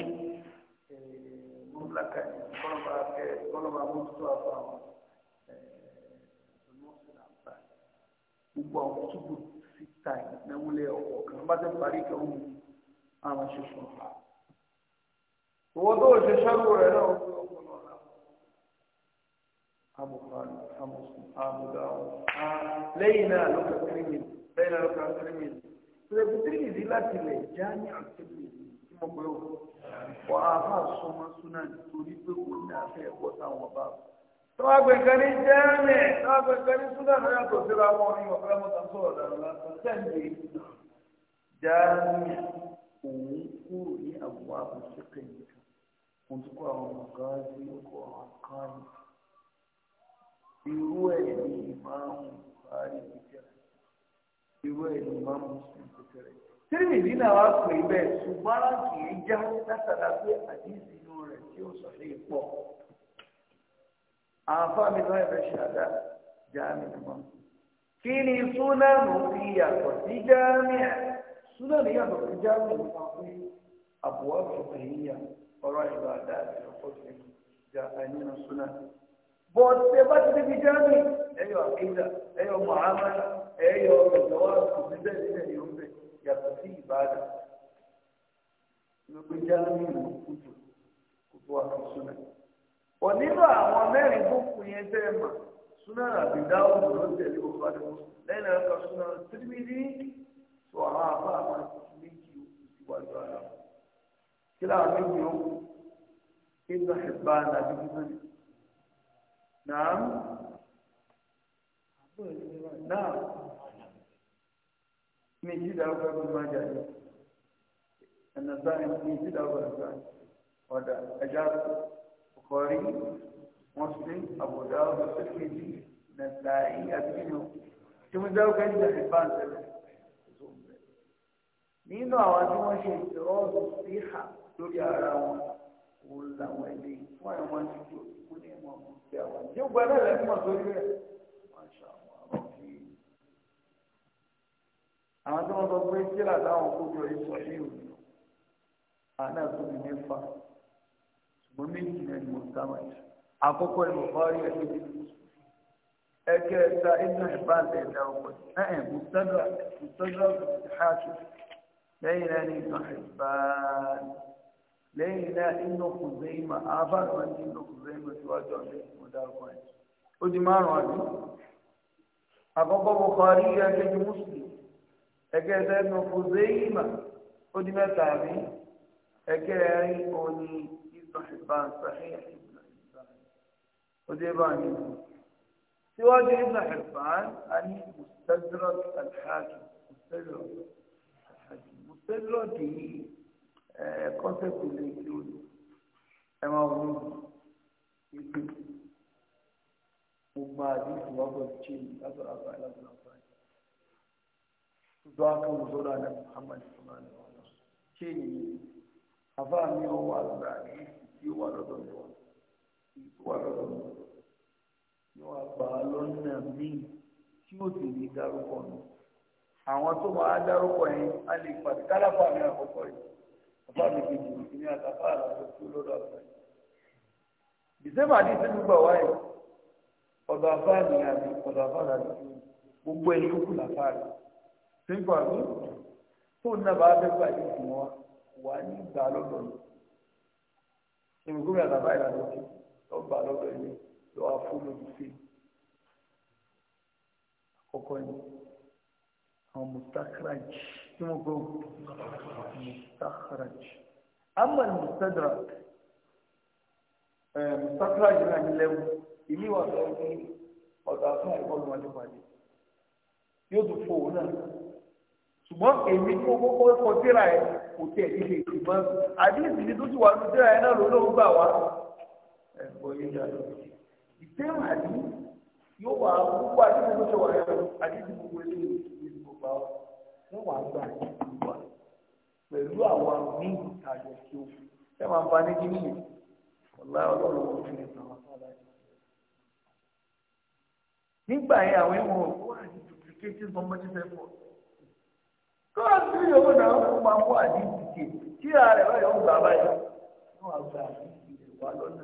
mọ́bìlákà yìí kọ́lọ́ba mọ́tò àfọ àwọn. gbogbo àwọn túbù síta ìnáwólẹ̀ ọ̀pọ̀ kan bá ti parí kí wọ́n mú àwọn ṣoṣo fà. Owó tó ṣe ṣẹ́gun rẹ̀ náà ó fi ọkọ̀ lọ rà. Amùkàlù, Amùsùn, Amùdáwọ̀. Lẹ́yìn náà ló ka tírímì, lẹ́yìn náà ló ka tírímì. Ṣèlè tírímì dí láti lẹ̀ já ní àtẹ̀lẹ̀ tí mo pẹ́ o. Wà á fà sọmọ súná nítorí pé kò ní àfẹ́ ẹ̀kọ́ táwọn bá tọ́wọ́ gbé nǹkan ní jẹ́rìnlẹ̀ tọ́wọ́ gbé nǹkan ní súnà lọ́yà tó síra wọn ní ọ̀pẹ́ mọ́ta sọ̀rọ̀ dàrú lásán sẹ́ǹdì jẹ́rìnlẹ̀ òun kúrò ní àbúrò àbùsí kẹ́yìn kan mo ti kó àwọn ọ̀gá sí ọkọ̀ àkàn irú ẹ̀ ní ìmáàmù báyìí pẹ̀tẹ̀rẹ̀ irú ẹ̀ ní ìmáàmù sùn pẹ̀tẹ̀rẹ̀ tírìmì nínú àwọn àpò ìbẹ̀ ṣùgbọ́n kì í já látara pé àdéhùn rẹ̀ tí ó sọ̀rọ̀ àǹfààní mi náà ẹ̀fẹ̀ ṣàdá jáàmì ni wọ́n. kí ni súnánù fi yàtọ̀ sí jáàmì ẹ̀ súnánù yàtọ̀ sí jáàmì nípa pé àbúwá fòkè yíyà ọ̀rọ̀ ìlú àdá àti ọkọ̀ sí jáàmì nínú súnánù. bọ́ọ̀dù tẹ bá ti débi jáàmì ẹ̀yọ àkéjà ẹ̀yọ mọ̀hámàdà ẹ̀yọ ìjọba kò sí bẹ́ẹ̀ ìlú kùtù kùtù àkọsùnà onínú àwọn mẹ́rin búkú yẹn tẹ́ ẹ mọ̀ súná àbí dáhùn ló tẹ̀lé òkú àdúgbò lẹ́yìn náà kan súná tìrìmìlì tó àwọn àbá àwọn méjì ìwájú ara kí láwọn méjì ó kú inú ẹ̀bá àdàbí gbígbó ni náà náà méjì dàrúkọ ẹgbẹ́ máa jáde ẹ̀nà sáyẹn méjì dàrúkọ ẹgbẹ́ ọ̀dà ẹ̀já kù kọrí muslim àbùdá ọdún sókèjì nàìjíríà yìí àti nínú tí wọn dáwọ kẹjì àti báńkì rẹ nínú àwọn tí wọn ṣe ìtọ́jú síhà lórí ara wọn òun làwọn ẹni fún àwọn ti tó kú ní ìmọ̀ ọ̀hún sí àwọn ìjọ gbọdọ̀ lẹ́nu mọ̀ sórí rẹ̀ wọ́n ṣe àwọn ọ̀rọ̀ fi àwọn tí wọ́n sọ pé sílà táwọn kó jọ ìsọ̀rí òun àná tó ní ومن المعتمد عقوق البخاري أك ابن حبان الأول نعم مستدرك مستدرك حاكم لينا ابن حبان لينا ابن خزيمة عفر من ابن خزيمة سواجه مداركوين أجمان وعدي عقوق البخاري أك مسلم أك ابن خزيمة أجمع تابعين أك يعني Hibban Sahih Ibn Hibban ó dé bá ní ìlú síwájú Ibn Hibban a ní Mustadrak al-Hakim Mustadrak al-Hakim Mustadrak yìí kọ́sẹ̀pù lè kí o lò ẹ máa wọ́n ìpè gbogbo àdìsí wọ́n bọ̀ tí èyí látọ̀ àbá àfáà mi ò wà lọ́dọ̀ àní tí ó wà lọ́dọ̀ mi wà o wà lọ́dọ̀ mi ni wọ́n gbà á lọ́nà míì tí ó sì ní dárúkọ mi àwọn tó máa dárúkọ yẹn á lè pàdé kálàfà mi àkọ́kọ́ yìí àfáà mi kejì ní àtàfà àlàfo tí ó lọ́dọ̀ àfẹ́ dìsẹ́mbà ní sẹ́nu gbà wáyé ọ̀dọ̀ àfáà mi àbí ọ̀dọ̀ àfáà làbí gbogbo ẹni kúkú làfáà rẹ̀ sẹ́ńkọ̀ àbí fóònù náà bá fẹ́ gbà yìí fún wa wà ní ìgbà lọ́dọ̀ yìí ìrùkú rẹ̀ bàbá ìlànà òkè lọ́ gbà lọ́dọ̀ yìí lọ́ wá fún lójú sí i àkọ́kọ́ ni àwọn mustakraj tí wọ́n gbọ́ mustakraj amma mustadrak eh, mustakraj náà ní lẹ́wọ̀ ìlú wà sọ ní ọ̀dọ̀ àfún ìbọ̀lù wọn nípàdé yóò tún fò náà ṣùgbọ́n èmi kó kókó kọtíra ẹ̀ kò tẹ̀ ilé ìgbìmọ̀ àdéhùn ìdí tó ti wà ní ìdíra ẹ̀ náà lọ́wọ́ gbà wá ẹ̀kọ́ yé ya lọ. ìtẹ́wọ̀n àdí yóò wà púpọ̀ àdéhùn tó ṣe wà yẹn àdéhùn gbogbo ilé ìgbìmọ̀ gbogbo àwọn wọn wà gbà àdéhùn wa pẹ̀lú àwọn míì tààyè tí ó ẹ máa fa ní kíní yìí ọ̀la ọlọ́run wọn fi lè tàn wá sálá yìí. nígbà yẹn àwọn ẹ̀wọ̀n wà ní duplicated number two tó à ń tún yòówù náà wọ́n máa mú àdìsí kè tí ààrẹ bá yọ̀ ń gbà báyìí wọ́n á gba àdìsí rẹ̀ wá lọ́nà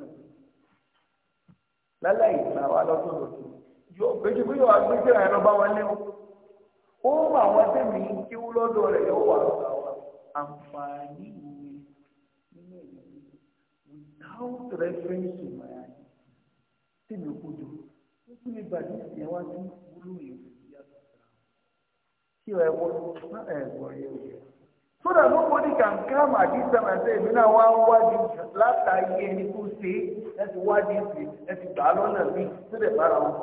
lálẹ́ ìgbà wa lọ́tọ̀ lọ́tọ̀ yóò gbèjú bí yóò wá gbèjú rẹ̀ lọ́ bá wọn lé wọn ó mọ àwọn tẹ̀mí kí wú lọ́dọ̀ rẹ̀ yóò wà gbà wá àǹfààní ìwé nínú ìlú without reference to my eyes tí mi kú jù ó tún lè bàjẹ́ ìyẹn wá sí wúlò yẹn kí ọ ẹwọ ẹgbọ yẹ o so that nobody can come at this time and say èmi náà wá ń wádìí látàyè ẹni tó ṣe é ẹ ti wádìí sí ẹ ti gbà á lọ́nà mi tó dẹ̀ bára wọn.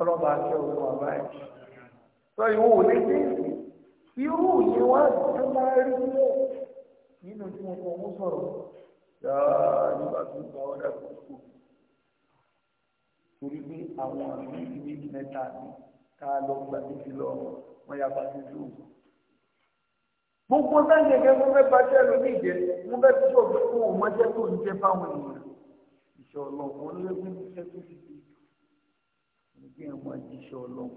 ọlọ́ba aṣọ òun wà báyìí sọ ìwọ ò lè dé ìsìn irú yìí wá tó máa rí mọ́ nínú tí wọn kọ wọn sọ̀rọ̀ yàrá nígbà tó gba ọ̀dà tó kù torí pé àwọn àmì ìdílé mẹ́ta ni ká lọ gbà níbi lọ wọn yà bá ti dùn. gbogbo sáyẹn gẹ́gẹ́ fún fẹ́ bá jẹ́ lómi ìjẹ́ wọ́n fẹ́ tó ọ̀gbẹ́ fún òun mọ́jẹ́ tó ń jẹ́ fáwọn èèyàn ìṣọ̀ ọlọ́run olóògùn iṣẹ́ tó ti di nígbà yẹn wọ́n di ìṣọ̀ ọlọ́run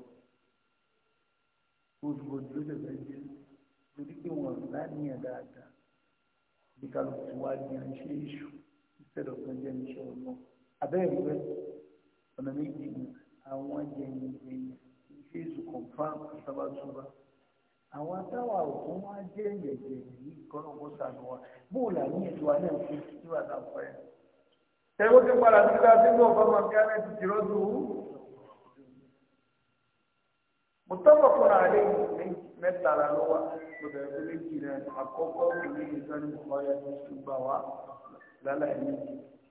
gbogbo tó lè fẹ́ jẹ́ torí pé wọ́n láníyàn dáadáa bí kálukú ti wá di iṣẹ́ ìṣù ìṣẹ̀dọ̀ tó ń jẹ́ iṣẹ́ ọlọ́run abẹ́rẹ́ rẹ̀ ọ̀nà méjì ni àwọn jẹ̀yìn jẹ̀yìn ṣe sùn confam àwọn atáwà òkú wọn á jẹ ẹyẹjẹ yìí kan náà sànù bóòlù àní ètò alẹ́ òkú tí afọ náà ẹ wọ́n ti padà sí ká sínú máa fi ti jìrọ́ dùn ún. mo mẹ́ta la lọ́wọ́ rẹ̀ àkọ́kọ́ ọ̀yà tó ti gbà wá lálẹ́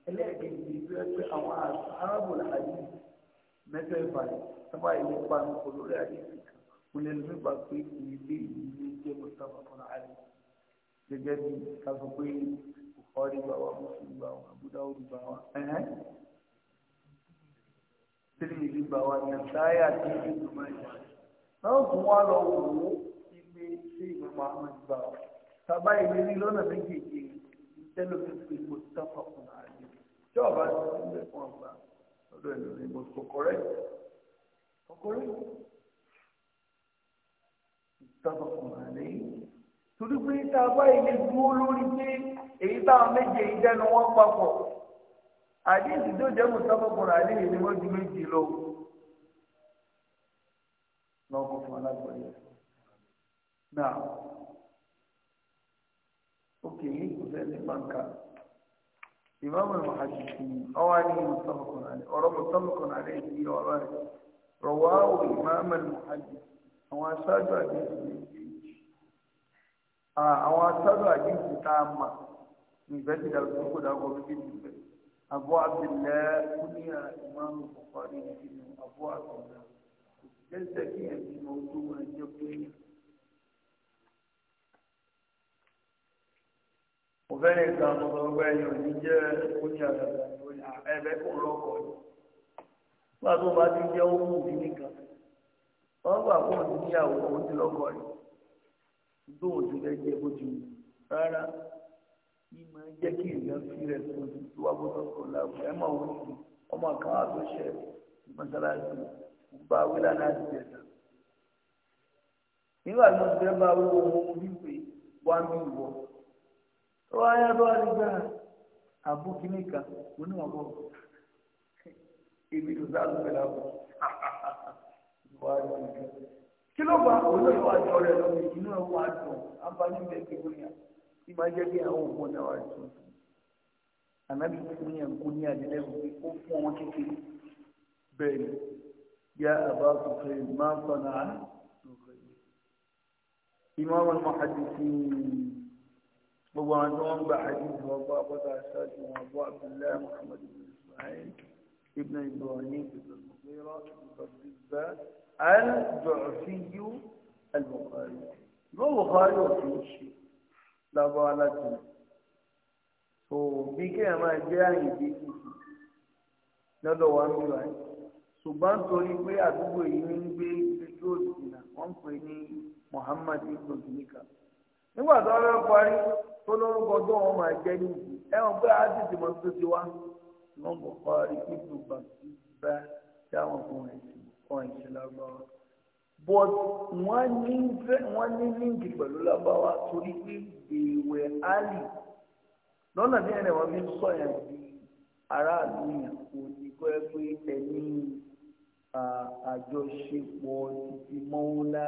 ẹlẹ́ẹ̀kejì àwọn mẹ́tẹ̀ẹ̀fà sábà ilé panu kò lórí àdéhùn kan mo lè lómi gbà pé ilé ìdílé jẹ́ mustapha fúnra rẹ̀ gẹ́gẹ́ bí ká sọ pé ọ̀rí gbà wá mùsùlùmí gbà wá àbúdá òdu gbà wá tẹ́lẹ̀ ìlú gbà wá ní tí ìlú tó máa yà náà tún wá lọ wò ó ilé tí ìmọ̀ Muhammad gbà wá sábà ilé ní lọ́nà méjèèjì tẹ́lẹ̀ fi pé mustapha fúnra rẹ̀ tí ọba ti ń bẹ̀ fún ọgbà lọ́dọ̀ ẹlòmíì but kò correct kò correct ìtàkùn torí pé tá a bá ilé dúró lórí pé èyí táwọn méje ìjẹnu wọn papọ̀ àdéhùn tó jẹ́ mùsàkùn àlẹ́ yìí ni wọ́n ju méjì lọ lọ́wọ́ kó fún alágbọ̀nyẹ. Now, okay, kò sẹ́ni máa ń kà á ìmáàmù ìmọ̀hàjìkì ọwọ́ ní mùsàmùkùn àlẹ́ ọ̀rọ̀ mùsàmùkùn àlẹ́ yìí ọ̀rọ̀ rẹ̀ rọ̀wá ò ìmáàmù ìmọ̀hàjì àwọn aṣáájú àdéhùn méjì àwọn aṣáájú àdéhùn tá a mà nìbẹ́sì dàgbà kó dàgbà méjì nìbẹ́ Abu Abdillah kúnìyà ìmáàmù Bukhari nínú Abu Abdillah kò sí lẹ́sẹ̀ kí mo fẹ́ lè gba ọmọ ọgbà ẹ̀yìn òní jẹ́ oní àdàbà ìròyìn ẹ̀fẹ́ kò lọ́kọ̀ ni nígbà tó bá ti jẹ́ owó òbí nìkan wọ́n gbà kó òní níyàwó òun ti lọ́kọ̀ ni nítorí òun ti fẹ́ jẹ́ bó ti wù rárá yìí máa ń jẹ́ kí èèyàn fi rẹ̀ tó ti tó wá gbọ́dọ̀ kọ̀ láwùjọ ẹ̀ máa wọ́n ti ọmọ kan wà tó ṣe mọ́ṣáláṣí náà ti jẹ̀ tán nígbà tí mo ti fẹ́ bá wíwo wọ́n á yá tó wá ní gbà àbú kìíní kan oníwọ̀n bọ̀ èmi ló sá lóore lábọ̀ wọ́n á yọ ìgbà kí ló bá olóyè wa jọ rẹ̀ lómi inú ẹ̀ wá dùn àǹfààní bẹ́ẹ̀ kí wọ́n yà kí máa jẹ́ kí àwọn òkú náà wà dùn ànábì fún yẹn kó ní àdínlẹ́wò pé ó fún ọmọ kékeré bẹ́ẹ̀ ni yá àbá tuntun máa ń sọ náà ìmọ̀ àwọn ọmọ àdìsí yìí gbogbo àwọn tí wọ́n gba àdìsí wọn bọ́ àpọ́tà ṣáàtì wọn bọ́ abdullahi muhammad ibn ismail ibn ibrahim ibn mughira ibn rizba al-ju'fiyu al-bukhari yóò bukhari ò kì í ṣe lábọ́ aláàtì so bí kéèyàn máa jẹ́ àyè ṣùgbọ́n torí pé àdúgbò yìí ń gbé ìgbésí òdìdì wọ́n pè ní muhammad ibn kìnìkan nígbà tó wọ́n tó tó wọn máa jẹ ní ìlú ẹwọn pé azizi mọ tó ti wá wọn bọ kọrí ibnu bàtí bá dáwọn fún ẹsìn fún ẹsìn lágbára but wọn ní wọn ní líǹkì pẹ̀lú lágbára torí pé èèwẹ̀ ali lọ́nà bí ẹnì wọn fi sọ yẹn di aráàlú yẹn kò ní kọ́ ẹ pé ẹni àjọṣepọ̀ títí mọ́wúlá.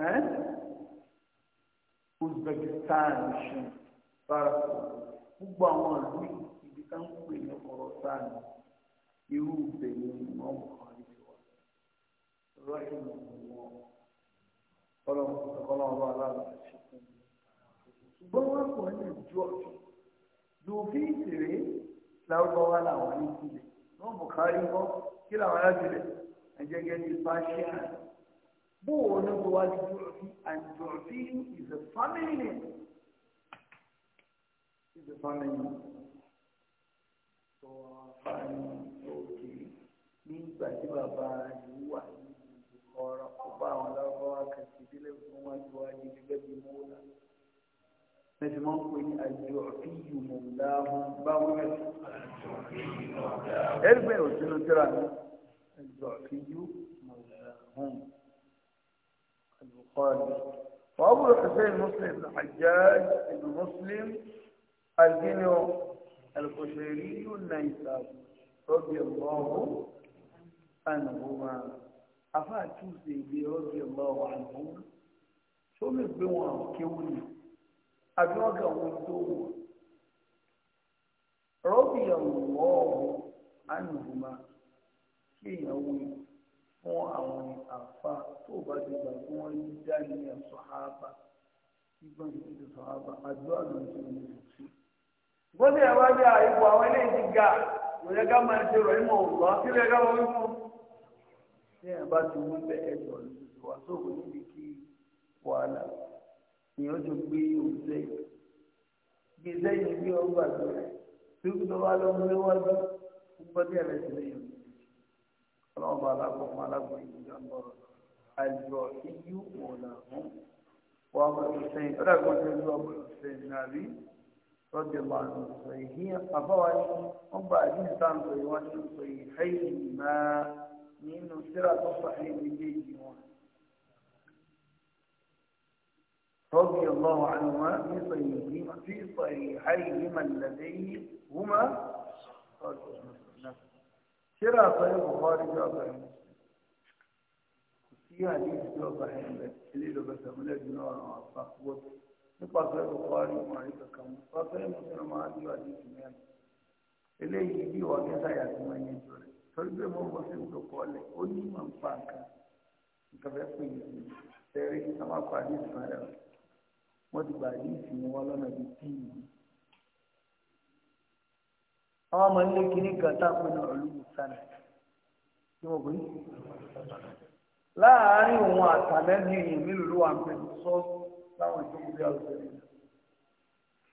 Hein? Uzbekistan ṣe fara gbogbo àwọn ìlú ibi tá ń pè ní ọ̀rọ̀ sáà irú ibẹ̀ ni wọ́n kàn ní tiwa. Rọ́ọ̀kì ni wọ́n ọlọ́run ọba aláàbò ṣe fún mi. Ṣùgbọ́n wọ́n kàn ní ìjọ ọ̀tún. Lòfin ìṣeré lárúbáwá làwọn ní ìpìlẹ̀. Wọ́n bùkárí kọ́ kí làwọn aláàbò rẹ̀ ẹ̀jẹ̀ gẹ́gẹ́ bí Pàṣẹ àná. Born was Ju'fi, and Ju'fi is a family name. Is a family name. So, okay. Nígbà tí bàbá yìí wà ní ọ̀rọ̀ kó bá àwọn lọ́wọ́ kàtí ìdílé fún wọn ju ayé gẹ́gẹ́ bí mọ́lá. Mẹ́sì máa ń pè ní àjọ àfihì mọ̀lá wọn báwọn mẹ́sì. Ẹgbẹ́ òṣèlú tíra ní àjọ àfihì mọ̀lá wọn. قال وأبو الحسين مسلم بن حجاج بن مسلم الجن القشيري النيساب رضي الله عنهما أفا توسي رضي الله عنهما شو من بيوان كوني أبيوك وندوه رضي الله عنهما كي يوم fún àwọn àfa tó bá ti gbà kí wọ́n yí dání ẹ̀sọ́ ààbà gbígbọ́n ti ti sọ ààbà àjọ àlọ́ ti wọ́n ti sí. bóṣe ẹ̀ wá jẹ́ àìkú àwọn eléyìí ti ga òye ká máa ṣe rọ̀ ìmọ̀ òwò àti ilé ká wọ́n mú. bí ẹ̀ bá ti wọ́n bẹ́ ẹ̀jọ̀ lóṣooṣù wá sóògùn níbi kí wàhálà èèyàn ti gbé òun sẹ́yìn gbé bí ọgbà tó rẹ̀ tó kí ló wá lọ́mọ ظلمهم لهم الجوحي مولاهم وابو حسين رجل من ابو حسين النبي رضي الله عنه صحيحين افوال هم بعد انسان صيوان صحيحين ما من سرط صحيح بجيجهم رضي الله عنهما في صحيحين في صحيحين من لديهما صحيحين kíra àtọ́yẹ bùkọ́rí jọ ọba ẹ̀ kò sí àdéhùn jọ ọba ẹ̀ ń bẹ ilé ìlọ́bẹ̀ sàmúlẹ̀ jù náà ọ̀ràn àpá wọ́n nípa àtọ́yẹ bùkọ́rí wọn àrí kankan mọ́ àtọ́yẹ mùsùlùmí máa ń lo àdéhùn mẹ́rin eléyìí bí wọn kẹta yàtọ̀ wọn yẹn jọ rẹ̀ torí pé mo mọ̀ sí ìdókòó lẹ̀ ó ní àwọn ọmọ ilé kìíní kan tápé ní ọlọ́wọ́ sánà ní òwe láàárín òun àtàlẹ́nu èèyàn mélòó ló wà ń bẹ sọ́ọ̀sì láwọn ìjókòó bí àwùjọ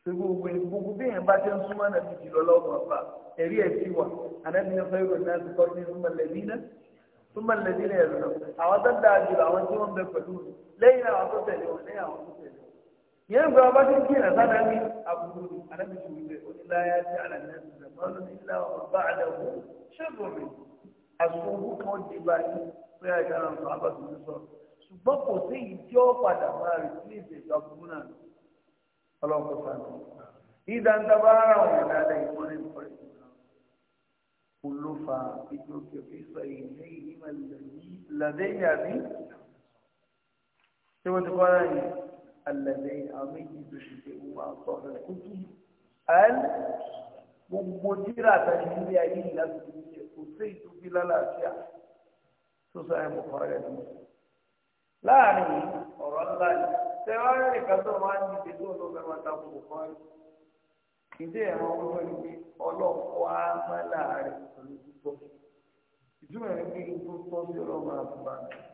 nìyẹn gbogbo gbogbo bí yẹn bá ti ń súnmọ́ nàbí jùlọ lọ́wọ́ bàbá ẹ̀rí ẹ̀ sí wa ànábi ní fẹ́ ìròyìn náà ti kọ́ sí súnmọ́ lẹ́bí náà súnmọ́ lẹ́bí náà ẹ̀rọ náà àwọn tó dáa jùlọ àwọn tí wọ́n bẹ pẹ̀lú lẹ́yìn àwọn tó tẹ̀lé wọn lẹ́yìn àwọn tó tẹ̀lé wọn yẹn gba ọba tó ń gbé ẹ̀sán náà ní aburú alábìsí wípé oníláyà tí alàmẹ́sì lẹ́gbọ́n nílá ọba àdàwù ṣẹ́gbọ̀nmi àsùnwó kan dé báyìí pé àìsàn àwọn abàtú ti sọ ṣùgbọ́n kò sí ìjọ padà máa rí sí ìṣèjọ aburú náà ọlọ́kọ̀ sànù. ìdáńdábà ara wọn yàrá dáadáa ìwọ ní ìfọ̀rẹ́ olófa ìjókè fífọ ìlẹ́yìn ìmọ̀ lẹ́yìn àbí ṣé wọ́n ti alẹ́lẹ́ àwọn méjì tó ṣe pé wọ́n máa sọ ọ̀rọ̀ kó tún ẹ̀ẹ́n gbogbo jíra àtàlẹ́ nílé ayé yìí láti fi ṣe kò sí ìtòbí lálàáfíà tó sọ ẹ̀ mọ̀ kọ́ra ẹ̀ láàrin ọ̀rọ̀ ńlá yìí tẹ́wárí nìkan tó máa ń dìde tó ló fẹ́ máa takò kọ́ ẹ̀. ìdí ẹ̀rọ wíwọ́ ni pé ọlọ́kọ́ á má láàrin pẹ̀lú tó tọ́ ìtumọ̀ ẹ̀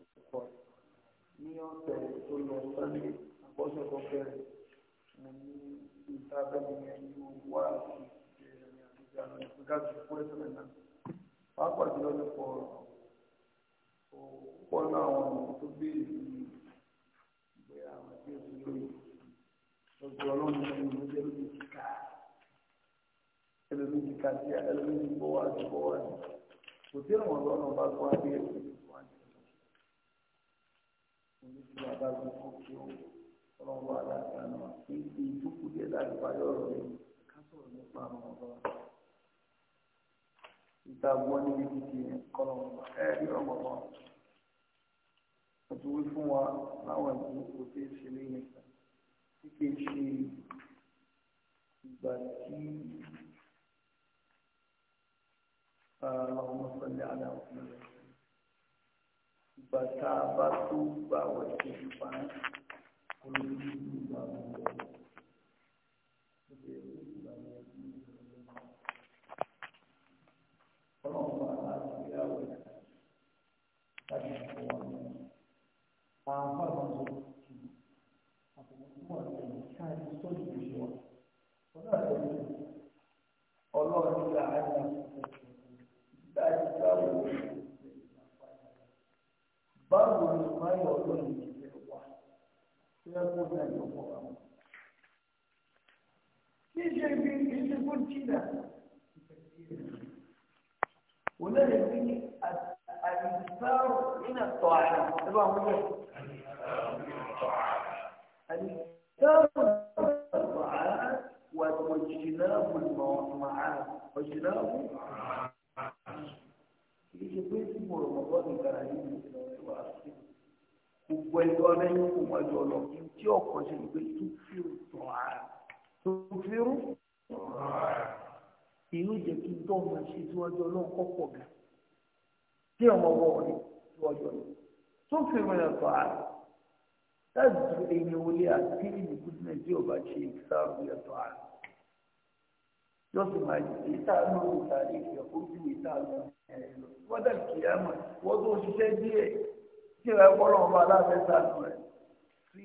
ní ọ̀sẹ̀ tó lọ sáré àbọ̀sẹ̀ tó bẹ̀rẹ̀ mo ní ìta bẹ́ẹ̀ ni ẹni wá sí ìrìn àti ìjànà ìpínká tó kú ẹsẹ̀ náà pàápàá jùlọ nípa ọ̀rọ̀ púpọ̀ náà àwọn ọmọ tó bí ìlú ìgbé àwọn tí ó ti lóye lọ́gbọ̀n ọlọ́run ní ẹni ló jẹ́ lóye kíkà ẹlòmíjì kàdíà ẹlòmíjì bọ́wọ́ àti bọ́wọ́ àti kò tí ìrànwọ́ lọ́nà bá tó wá dé ẹ̀sìn oníṣẹ́ bàbá gbogbo kí ó ọlọ́run wà láàbà náà kí n fi ìdúkú díẹ̀ láti parí ọ̀rọ̀ rẹ̀ ká sọ̀rọ̀ nípa àwọn ọ̀rọ̀ rẹ̀. ìta gbọ́ níbi títí kọ́nà ẹ̀rí ọmọ kan ọtún wí fún wa láwọn ìlú kò tẹ́ ṣe lẹ́yìn tí kì í ṣe ìgbà tí bàtà bá tó gbà wẹ̀ tó fi pa á kó ló ní ìgbà wọn. Ọlọ́run láti rí àwẹ̀ سيكون اليوم يجب أن يكون كذا ولا يبني الإنكار من الطاعة تبع هو الإنكار من الطاعة واجتناب المعاد واجتناب يجب أن يكون رمضان كرهيم وأصحابه gbogbo ẹjọ́ lẹ́yìn kò mọ ẹjọ́ lọ kí n tí ọkọ ṣe ní pé tó fírù tọ ara tó fírù èyí jẹ kí n tọ́ ọmọ ṣe síwájú ọlọ́run kọ́ pọ̀ gan tí ọmọ ọwọ́ rẹ síwájú ọlọ́run tó fírù yẹn tọ ara láti ẹ̀yìn wọlé àti ìlú kúndínlẹ̀ tí ọba ṣe ìsáàrù yẹn tọ ara yóò sì máa yí ìta lórí ìta ìfẹ́ ojú ìta lórí ẹ̀rọ wọ́n dàbí kìí àmọ́ wọ́n tó ṣiṣẹ́ díẹ̀ tí ìwà ẹ̀kọ́ lọ́wọ́ bá aláàbẹ̀ sànù rẹ̀ sí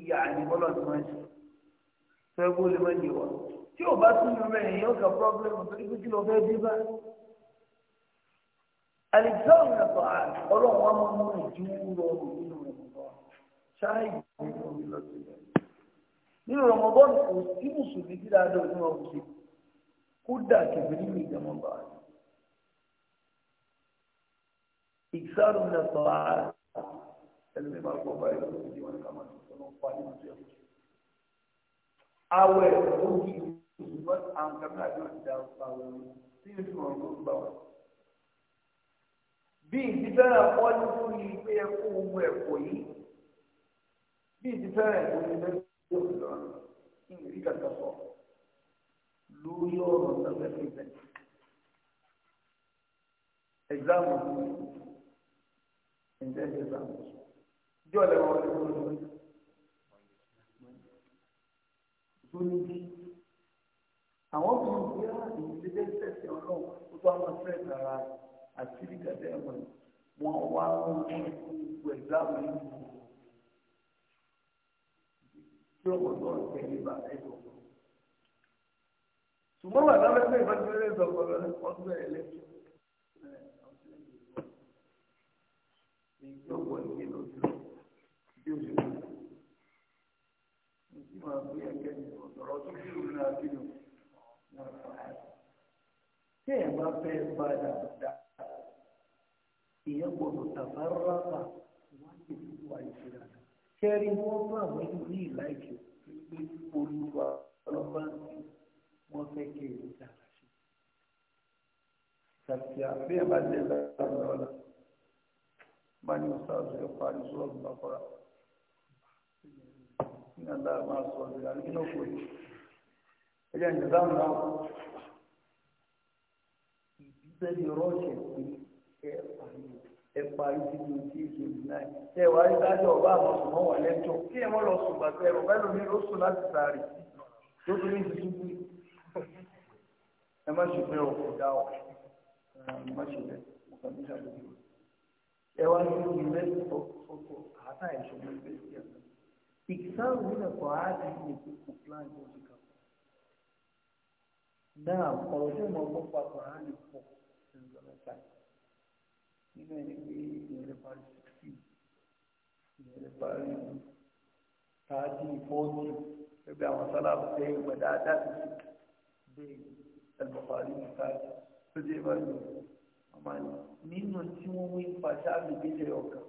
ìyá àdìbọ́lọ̀ tí wọ́n ṣe fẹ́ kó lè má yé wa tí ò bá tún rẹ̀ èèyàn kan pọ́blẹ́mù tó kíkú kí lọ fẹ́ dé bá. alexander yàtọ̀ àti ọlọ́run wa máa ń mú ìdíwọ́ rọrùn nínú rọmọbọ́n ṣáàyè nínú omi lọ sí ilẹ̀ nínú rọmọbọ́n kò sí mùsùlùmí tí dáadọ́ ní ọ̀hún ṣe kó dà kẹfẹ́ nínú ìjàmọ́ bá a. ìsáàrùn yàtọ̀ àti ah, ẹlòmíì bá gbọ́ báyìí lọ́wọ́ ìdí wọn ká máa ti sọ náà pa nínú ìjọ. Awẹ̀ oṣù ṣùgbọ́n àwọn kàmínà yóò da àwọn tí yóò sọ̀rọ̀ ló gbà wọ́n. Bí ìdífẹ́ràn kọ́ nítorí pé ẹ kó ohun ẹ̀kọ́ yìí, bí ìdífẹ́ràn ẹ̀kọ́ ni bẹ́ẹ̀ ló ń lọ ìrírí kàkà jọ lẹ wọn ah, lè wọn lọ zonidi àwọn tó ń gbé ìdílé tẹsí Ọlọ́run tó tó àwọn fẹẹ nara àti ìdílé ẹwọn wọn wá wọn gbogbo ẹgbàmù yìí tí wọn lọ tẹlẹ bá ẹjọ́ ṣùgbọ́n wà lábẹ́ pé ìbánisọ̀rọ̀ ìsọ̀kọ̀ lọ́dún ọdún ẹ̀ lẹ́tọ̀ọ́. ìjọba ìgbélódúró tí ó ṣe wà. Mo sì máa gbé ẹgbẹ́ mi ọ̀rọ̀ tó kí òun náà kí lò wọ́n fà á. Tí ẹ̀ bá fẹ́ bá dàgbà, èèyàn gbọ́dọ̀ tàbárọ́pà ìwádìí tó wà ìṣẹ̀lẹ̀. Kẹ́rin wọ́n fún àwọn ẹni ní ìlàjì pé olùwà ọlọ́pàá wọn fẹ́ kí èrò dàgbà sí. Ṣàfihàn bí ẹ bá lè lọ́wọ́ lọ́la. Bá ní ọ̀sán ọ̀sán yóò parí sọ́ọ̀bù bá kọ́ra ní aláwọ̀ máa sọ ọ̀dọ̀ àbí kí ló kò yìí ẹ jẹ́ ìjọba náà ìbísẹ́ ni rọ́ọ̀ṣẹ̀ pé ẹ parí ẹ parí sí ní ojú ìṣe ìdílé ẹ wà á dájọ́ ọba àwọn sùnmọ́ wà lẹ́jọ́ kí ẹ mọ́ lọ sùn gbàgbé ẹ̀rọ bá lómi ló sùn láti sàárì tó tún ní ìdíjú ẹ má ṣe bẹ́ẹ̀ ọkọ̀ dá ọ ẹ má ṣe bẹ́ẹ̀ ọkọ̀ níṣàlùkù ẹ wá ní ìrẹsì ọkọ̀ àtàyè ṣọgbọ́n ìgbésí ẹ̀sán. إكثار من الطاعات التي القرآن يوجد نعم قولهم ومبقى القرآن يوجد nínú ẹni pé ìyẹn lè parí sixty ìyẹn lè parí thirty forty ẹgbẹ́ àwọn sálábù tẹ ìgbà dáadáa ti ṣe dé ẹgbàparí ní thirty tó dé bá lò ọmọ nínú tí wọ́n wí pàṣẹ àgbègbè ọ̀kan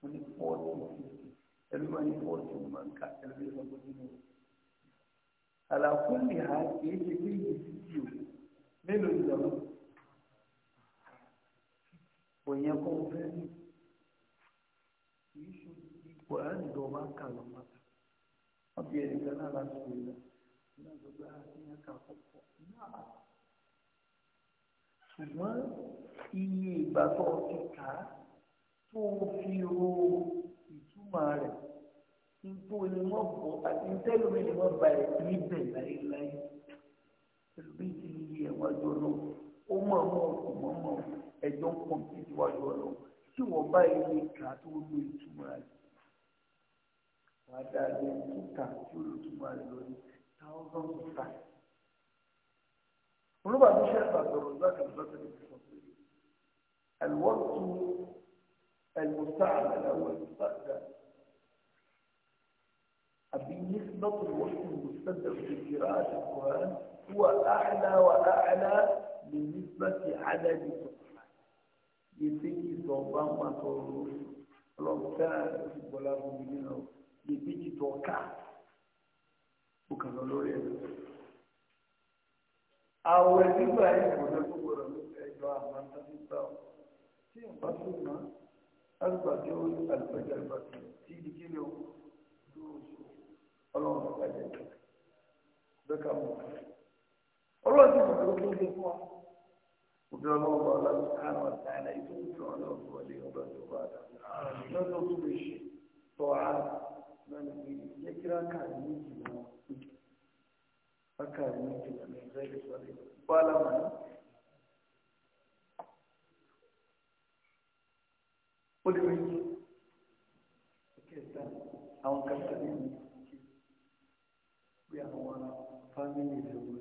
mo ní forty fifty ẹlòmíràn ní wọ́n ti máa ń ka ẹlòmíràn lọ́gbọ́ nínú rẹ̀. àlàkùnrin ha kìí ṣe pé ìyè fídíò mélòó ni lọ́wọ́ kò yẹ kó o fẹ́ rí kìí ṣe ipò àádọ́ máa ń kà lọ́ máa kà wọ́n fi ẹ̀rí náà láti wọ̀ ẹ̀ náà tó gbá àtúnyẹ̀ kà púpọ̀ náà ṣùgbọ́n iye ìgbà tó ti kà tó fi ro túmọ̀ rẹ̀ ipò ni wọ́n bọ̀ àti ntẹ́lómi ni wọ́n ba ẹ̀ níbẹ̀ láéláé ẹlòmí ti yí ẹ̀wájú ọlọ́run ó mọ̀ ọmọ ọkùn mọ́ mọ́ ẹjọ́ ń pọ̀ sí iwájú ọlọ́run tí wọ́n bá ilé kà á tó lo ìtumọ̀ rẹ̀ wàá dáa lé títà tí ó lo ìtumọ̀ rẹ̀ lórí táwọn títà. olúwa tó ṣe àgbàgbọ̀rọ̀ ìlú àkàlùbọ́sẹ̀ ní ti sọ pé àlùwọ́ tu ẹ̀lùmọ́sá àlàwọ̀ ìlú بالنسبة للوحي المستدر في قراءة القرآن هو أعلى وأعلى من نسبة عدد سبحان يسيكي صوبان ما تروح لو كان ولا مؤمنين يبيكي توكا وكان لوري àwọn ẹbí gbà ẹ ìmọ̀lẹ́ gbogbo rẹ̀ ló fẹ́ yọ àwọn àtàkì gbà ọ́ tí ìbá tó mọ́ ọlọ́run ọ̀gá jẹ́ bẹ́ẹ̀ka mọ̀ ọlọ́run ti bàtà ojú ojú fún wa òbí ọlọ́run bá ọlọ́run sàánù ọ̀tá ẹ̀dá ìlú ìjọ ọlọ́run wọlé ọba tó bá dà lọ́dún tó lè ṣe tọ́ a lọ́nà pé jẹ́ kí ráka ní ìjìnà ráka ní ìjìnà ní ìjọ ìsọ̀lẹ̀ bá lámà ní. ó lè rí àwọn kan tẹ̀lé àwọn fámìlì rẹ̀ wọ́n kí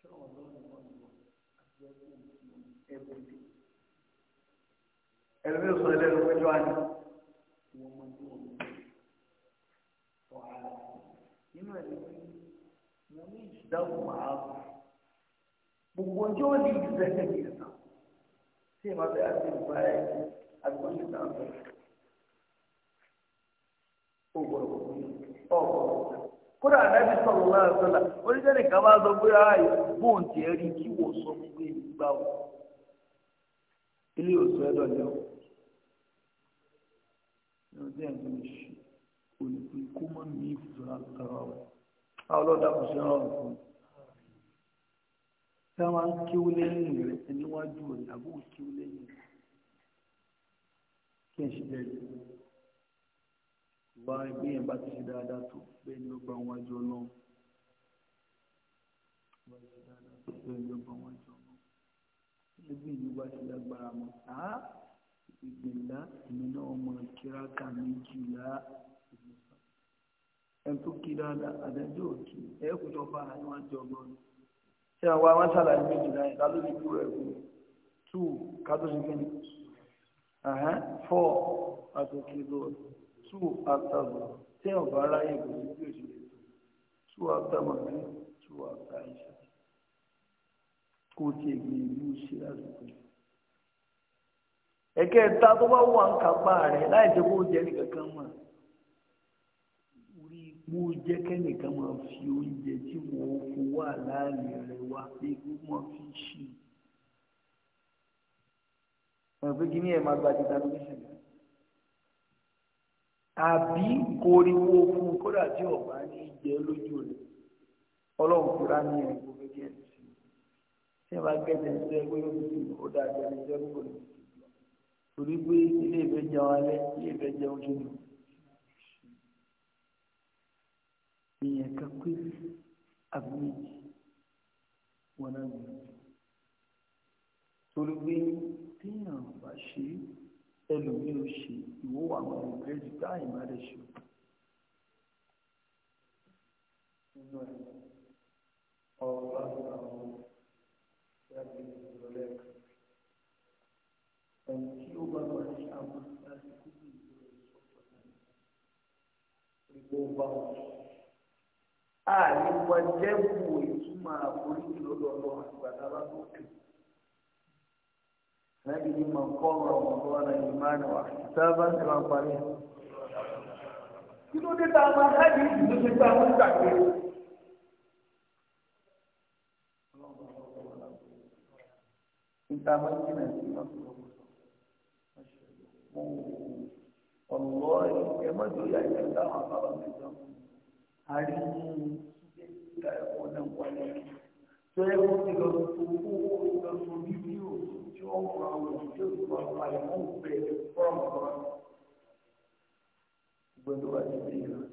ṣé ọ̀rọ̀ náà ń bọ̀ àti ẹgbẹ́ ìṣúná ẹgbẹ́ ìṣúná. ẹlòmíì sọ ẹlẹ́nu péjọ àná wọ́n máa ń bí wọn sọ ara nínú ẹ̀ ní mo kódà àdájú sọ̀rọ̀ lára sọ́là oníṣẹ́ nìkan bá sọ pé ààyè bóun ti ẹ̀ kí wò sọ fún pé gbà ilé òsùn ẹ̀dọ̀ ni ó ní ọdún ẹ̀dùn mọ́ ní wá bí yẹn bá ti ṣe dáadáa tó bẹ́ẹ̀ ni ó gba àwọn àjọ náà wá ṣe dáadáa tó bẹ́ẹ̀ ni ó gba àwọn àjọ náà ẹgbẹ́ ìlú wá ṣe lágbára mọ́ á ìgbìlá èmi náà mọ kíráka méjìlá ẹni tó kí dáadáa àdájọ́ òkè ẹ̀ kò jọ bá àwọn àjọ náà ṣé àwọn àwọn sàlàyé méjìlá yẹn ká ló lè kúrò ẹ̀kú two ká tó ṣe kí ni four àti kí tú àtàmà tí ọba aráyè kò sí bí òṣèlè tó tú àtàmà tí tú àtà ìṣe kó tí èmi ìlú ṣe àsìkò ẹ̀kẹta tó bá wà ń kápá rẹ̀ láì jẹ́ kó jẹ́ nìkankan mọ̀ orí ipò jẹ́ kẹ́nìkan máa fi oúnjẹ tí wọ́n fowó àlàálẹ̀ rẹ̀ wá pé kó máa fi ṣì. ọ̀pẹ́ kí ni ẹ̀ máa gba ti tàbí ṣẹ̀dá àbí koriwo fún kódà tí ọba ní jẹ lójú rẹ ọlọ́run fúra ní ẹ̀kọ́ méjì ẹ̀ sí i tí ẹ bá gẹ́gẹ́ ní ṣe pé yóò sì ó dàbí ẹni jẹ́ kó lè sì torí pé ilé ìfẹ́ jẹun alẹ́ ilé ìfẹ́ jẹun tó lò ìyẹn kan pé àbí wọn náà lò torí pé téèyàn bá ṣe ẹlòmíì ṣe ó wà wọn ní péjì táyì má lè ṣe nínú ẹ ọba àwọn ìyáàbí ìrọ̀lẹ́ ẹni tí ó bá máa ṣe àwọn láti kú ní ìlú ìsọfọdà gbogbo bá wọn. ààyè wọn jẹ́ bu ìtumọ̀ àforíjì lọ́dọọdọ àgbàdo alágbókè nabi ni man qama ramadana imanan wa ihtisaban ni wọ́n parí ẹ̀. kí ló dé tá a máa hajj ìdílé ṣe tá a máa ń gbàgbé. níta máa ń jìnnà sí wọn. ọ̀lọ́ ẹ̀ má jò drawn from was justified by their own faith from God. When do I believe?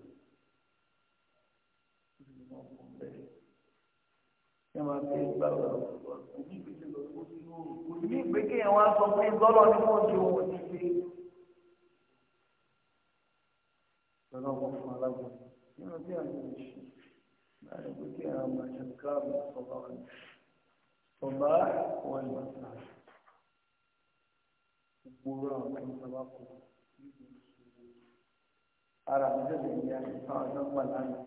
Ṣé máa fi ìgbà lọ? Kò ní ìgbé kéèyàn wá sọ pé gbọ́dọ̀ ní wọ́n ti wọ́n ti fi. Lọ́nà ọkọ̀ fún alágbọ̀n. Nínú bí àwọn ènìyàn ṣe máa ń gbé kéèyàn máa ṣe káàbọ̀ sọ̀bá wọn. Sọ̀bá wọn ni wọ́n ti máa ṣe. gbogbo àwọn ẹni tó bá kú ara àtijọ́ lè yá táwọn ọjọ́ gbà lánàá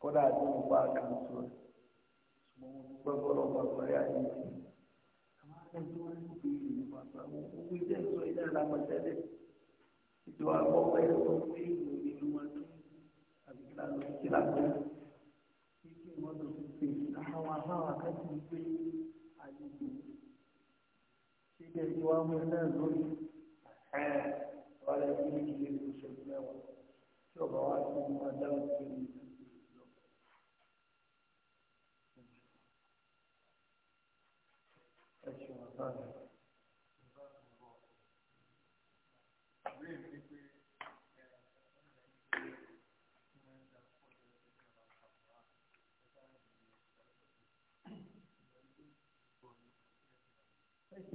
kódà àti nípa àkàǹtò rẹ̀ ṣùgbọ́n mo dúpẹ́ bọ́lọ̀ bá parí àyè tí àwọn ẹni tó ń gbé ìlú bàbá wọn gbogbo ẹ̀sìn wa mú ẹ náà lórí ẹ̀ wàlẹ̀ sí ìdílé ìṣẹ́jú mẹ́wàá tí ọba wa ti mú wa dáhùn sí i. Thank you.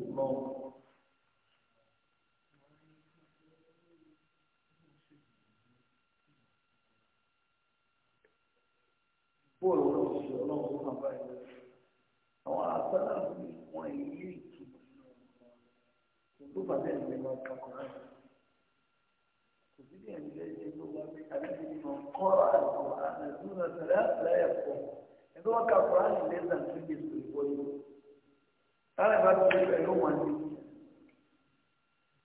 irmão. Por eu não uma trabalhar. Então, a ah, Sara tá, me isso? Não estou fazendo negócio para coragem. Inclusive, a gente tem um lugar de não cola, a Zuna será, ela é bom. Então, a Coragem, desde a antiga, isso foi táwọn ìbá tó ṣe pẹ̀lú wọn ni.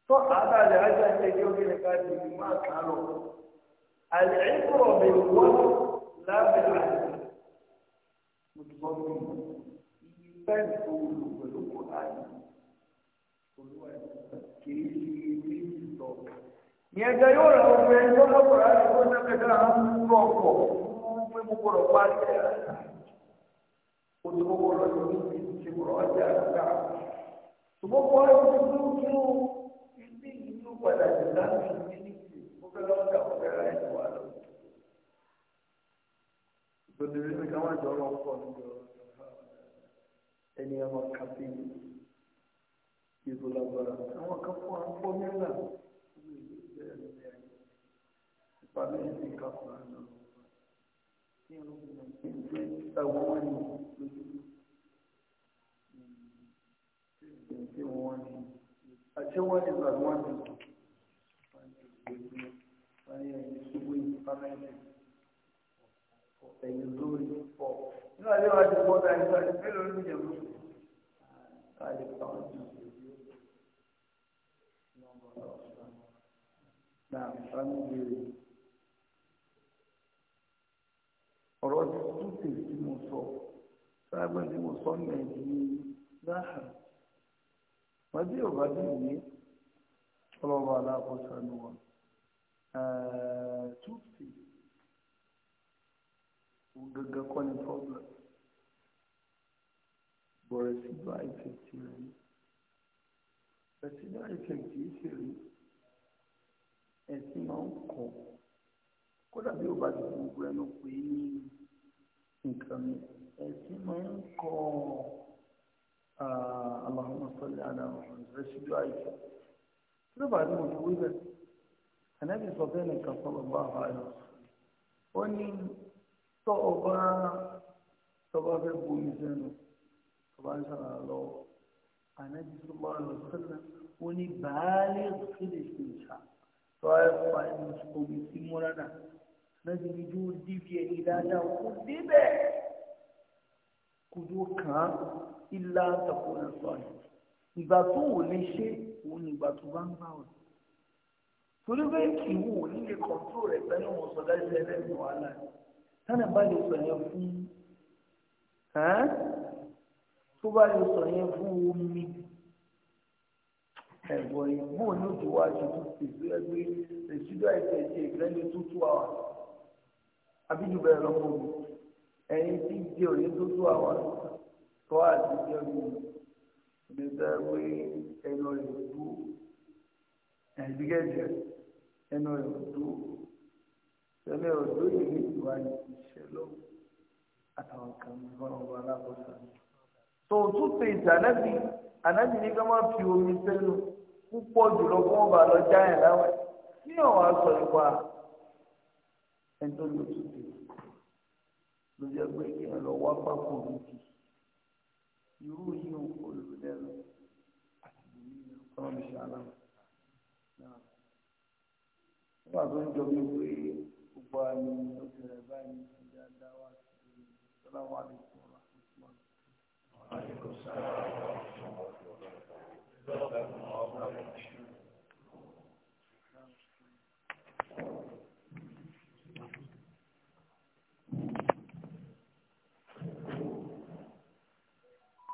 tó àbálẹ̀ ajá ń tẹ̀lé obìnrin ká ti fi máa kà á lọ. àlẹ́ ìkúrọ̀ bèrè wọ́n lábẹ́ àlẹ́. mo ti bọ́ mi iye bẹ́ẹ̀ tó lò pẹ̀lú kò ìmúrọ̀jà ṣùgbọ́n kọ́ ẹ ti dúró kí ó ilé ìlú padà jù láti ní níbi ó fẹ́ lọ́wọ́ dà ó fẹ́ ra ẹ̀ wà lọ. ìgbòdì rí mi káwọn ìjọ ọlọ́run pọ̀ níbi ọ̀rọ̀ ẹni ọmọ kàfé ìbò lágbára àwọn kan fún àpò mílà ìpàdé ìdíkà fún àná ní ọdún 1920 àwọn ènìyàn. yin wani a can wani zaruwa ne wani yanzu sugun faransa ẹ̀yìn lórí pọ̀. Nínú àlẹ́ wa ti bọ́ dáa nípa ìfẹ́ lórí ìjẹ̀ mú. Ká lè pa ọ́n jù náà sáni béèrè. Ọ̀rọ̀ tútù tí mo sọ, sábà tí mo sọ ní ẹ̀jẹ̀ ní náà wọ́n tí ò bá dé ìwé ọlọ́ba aláàkóso ẹnu wọn two fifty gẹ́gẹ́ kọ́ ni problem bọ̀rẹ̀ síbá ìfẹ̀tì rẹ̀ ni ẹ̀sìnbá ìfẹ̀tì ìṣe rí ẹ̀sìn máa ń kọ́ kódà bí ó bá ti gbogbo ẹnu pé ní nǹkan ẹ̀sìn máa ń kọ́ ọ́. اللهم صل على محمد رسول الله ló bá ní òfin wíwẹ̀ ànábì sọ bẹ́ẹ̀ nìkan sọ bàbá àwọn àlọ́ ó ní tọ́ ọba tọba fẹ́ bomi sẹ́nu tọba ń sara lọ ànábì sọ bá lọ sẹ́nu ó ní bàálẹ̀ kéde sí ìṣá tọ́wá fa ẹnu omi sí múradà ànábì ní ju dìbì ẹ̀yìn dáadáa kó débẹ̀ kò dúró kàn án ilá tako náà sọ àyè ìgbà tó wò lè ṣe òun ni ìgbà tó bá ń bá wọn. torí pé ìwò ò ní lè kọ̀ǹtò rẹ̀ pẹ̀lú wọn sọ dájú ẹlẹ́yìn wàhálà rẹ̀ tánà bá lè sọ yẹn fún tó bá lè sọ yẹn fún omi ẹ̀bọ̀ ìgbò ní òjò wa ti tún pèsè ẹgbẹ́ residual ẹ̀sẹ̀ ti ìgbẹ́ni tó tú àwọn àbíjú bẹ́ẹ̀ ẹ̀yin tí jẹ́ òní dúdú àwọn tó àtijọ́ mi ní sẹ́wé ẹnu rẹ̀ dú ẹ̀dígẹ́jẹ̀ ẹnu rẹ̀ dú sẹ́mi ọ̀dọ́ yìí ní ìwà ìṣẹ̀lẹ̀ àtàwọn kan gbọ́dọ̀ wà lábọ́sà. tòótú pé ìtànẹ́bí ànábì ní ká má fi omi sẹ́nu púpọ̀ jùlọ fún ọba lọ jáyàn láwẹ̀ ní ọ̀wá sọ ìpa ẹni tó lò tó dé tó jẹ́ pé kí ẹ lọ wá pákó méjì irú yìí ń kó lò lẹ́nu àti ìlú yìí kọ́ mi ṣàlá nígbà tó ń jọ mi pé gbogbo àmì ìṣòkèrè báyìí ti dáadáa wá sí i sọlá wà lè fún ọ láti fún ọ.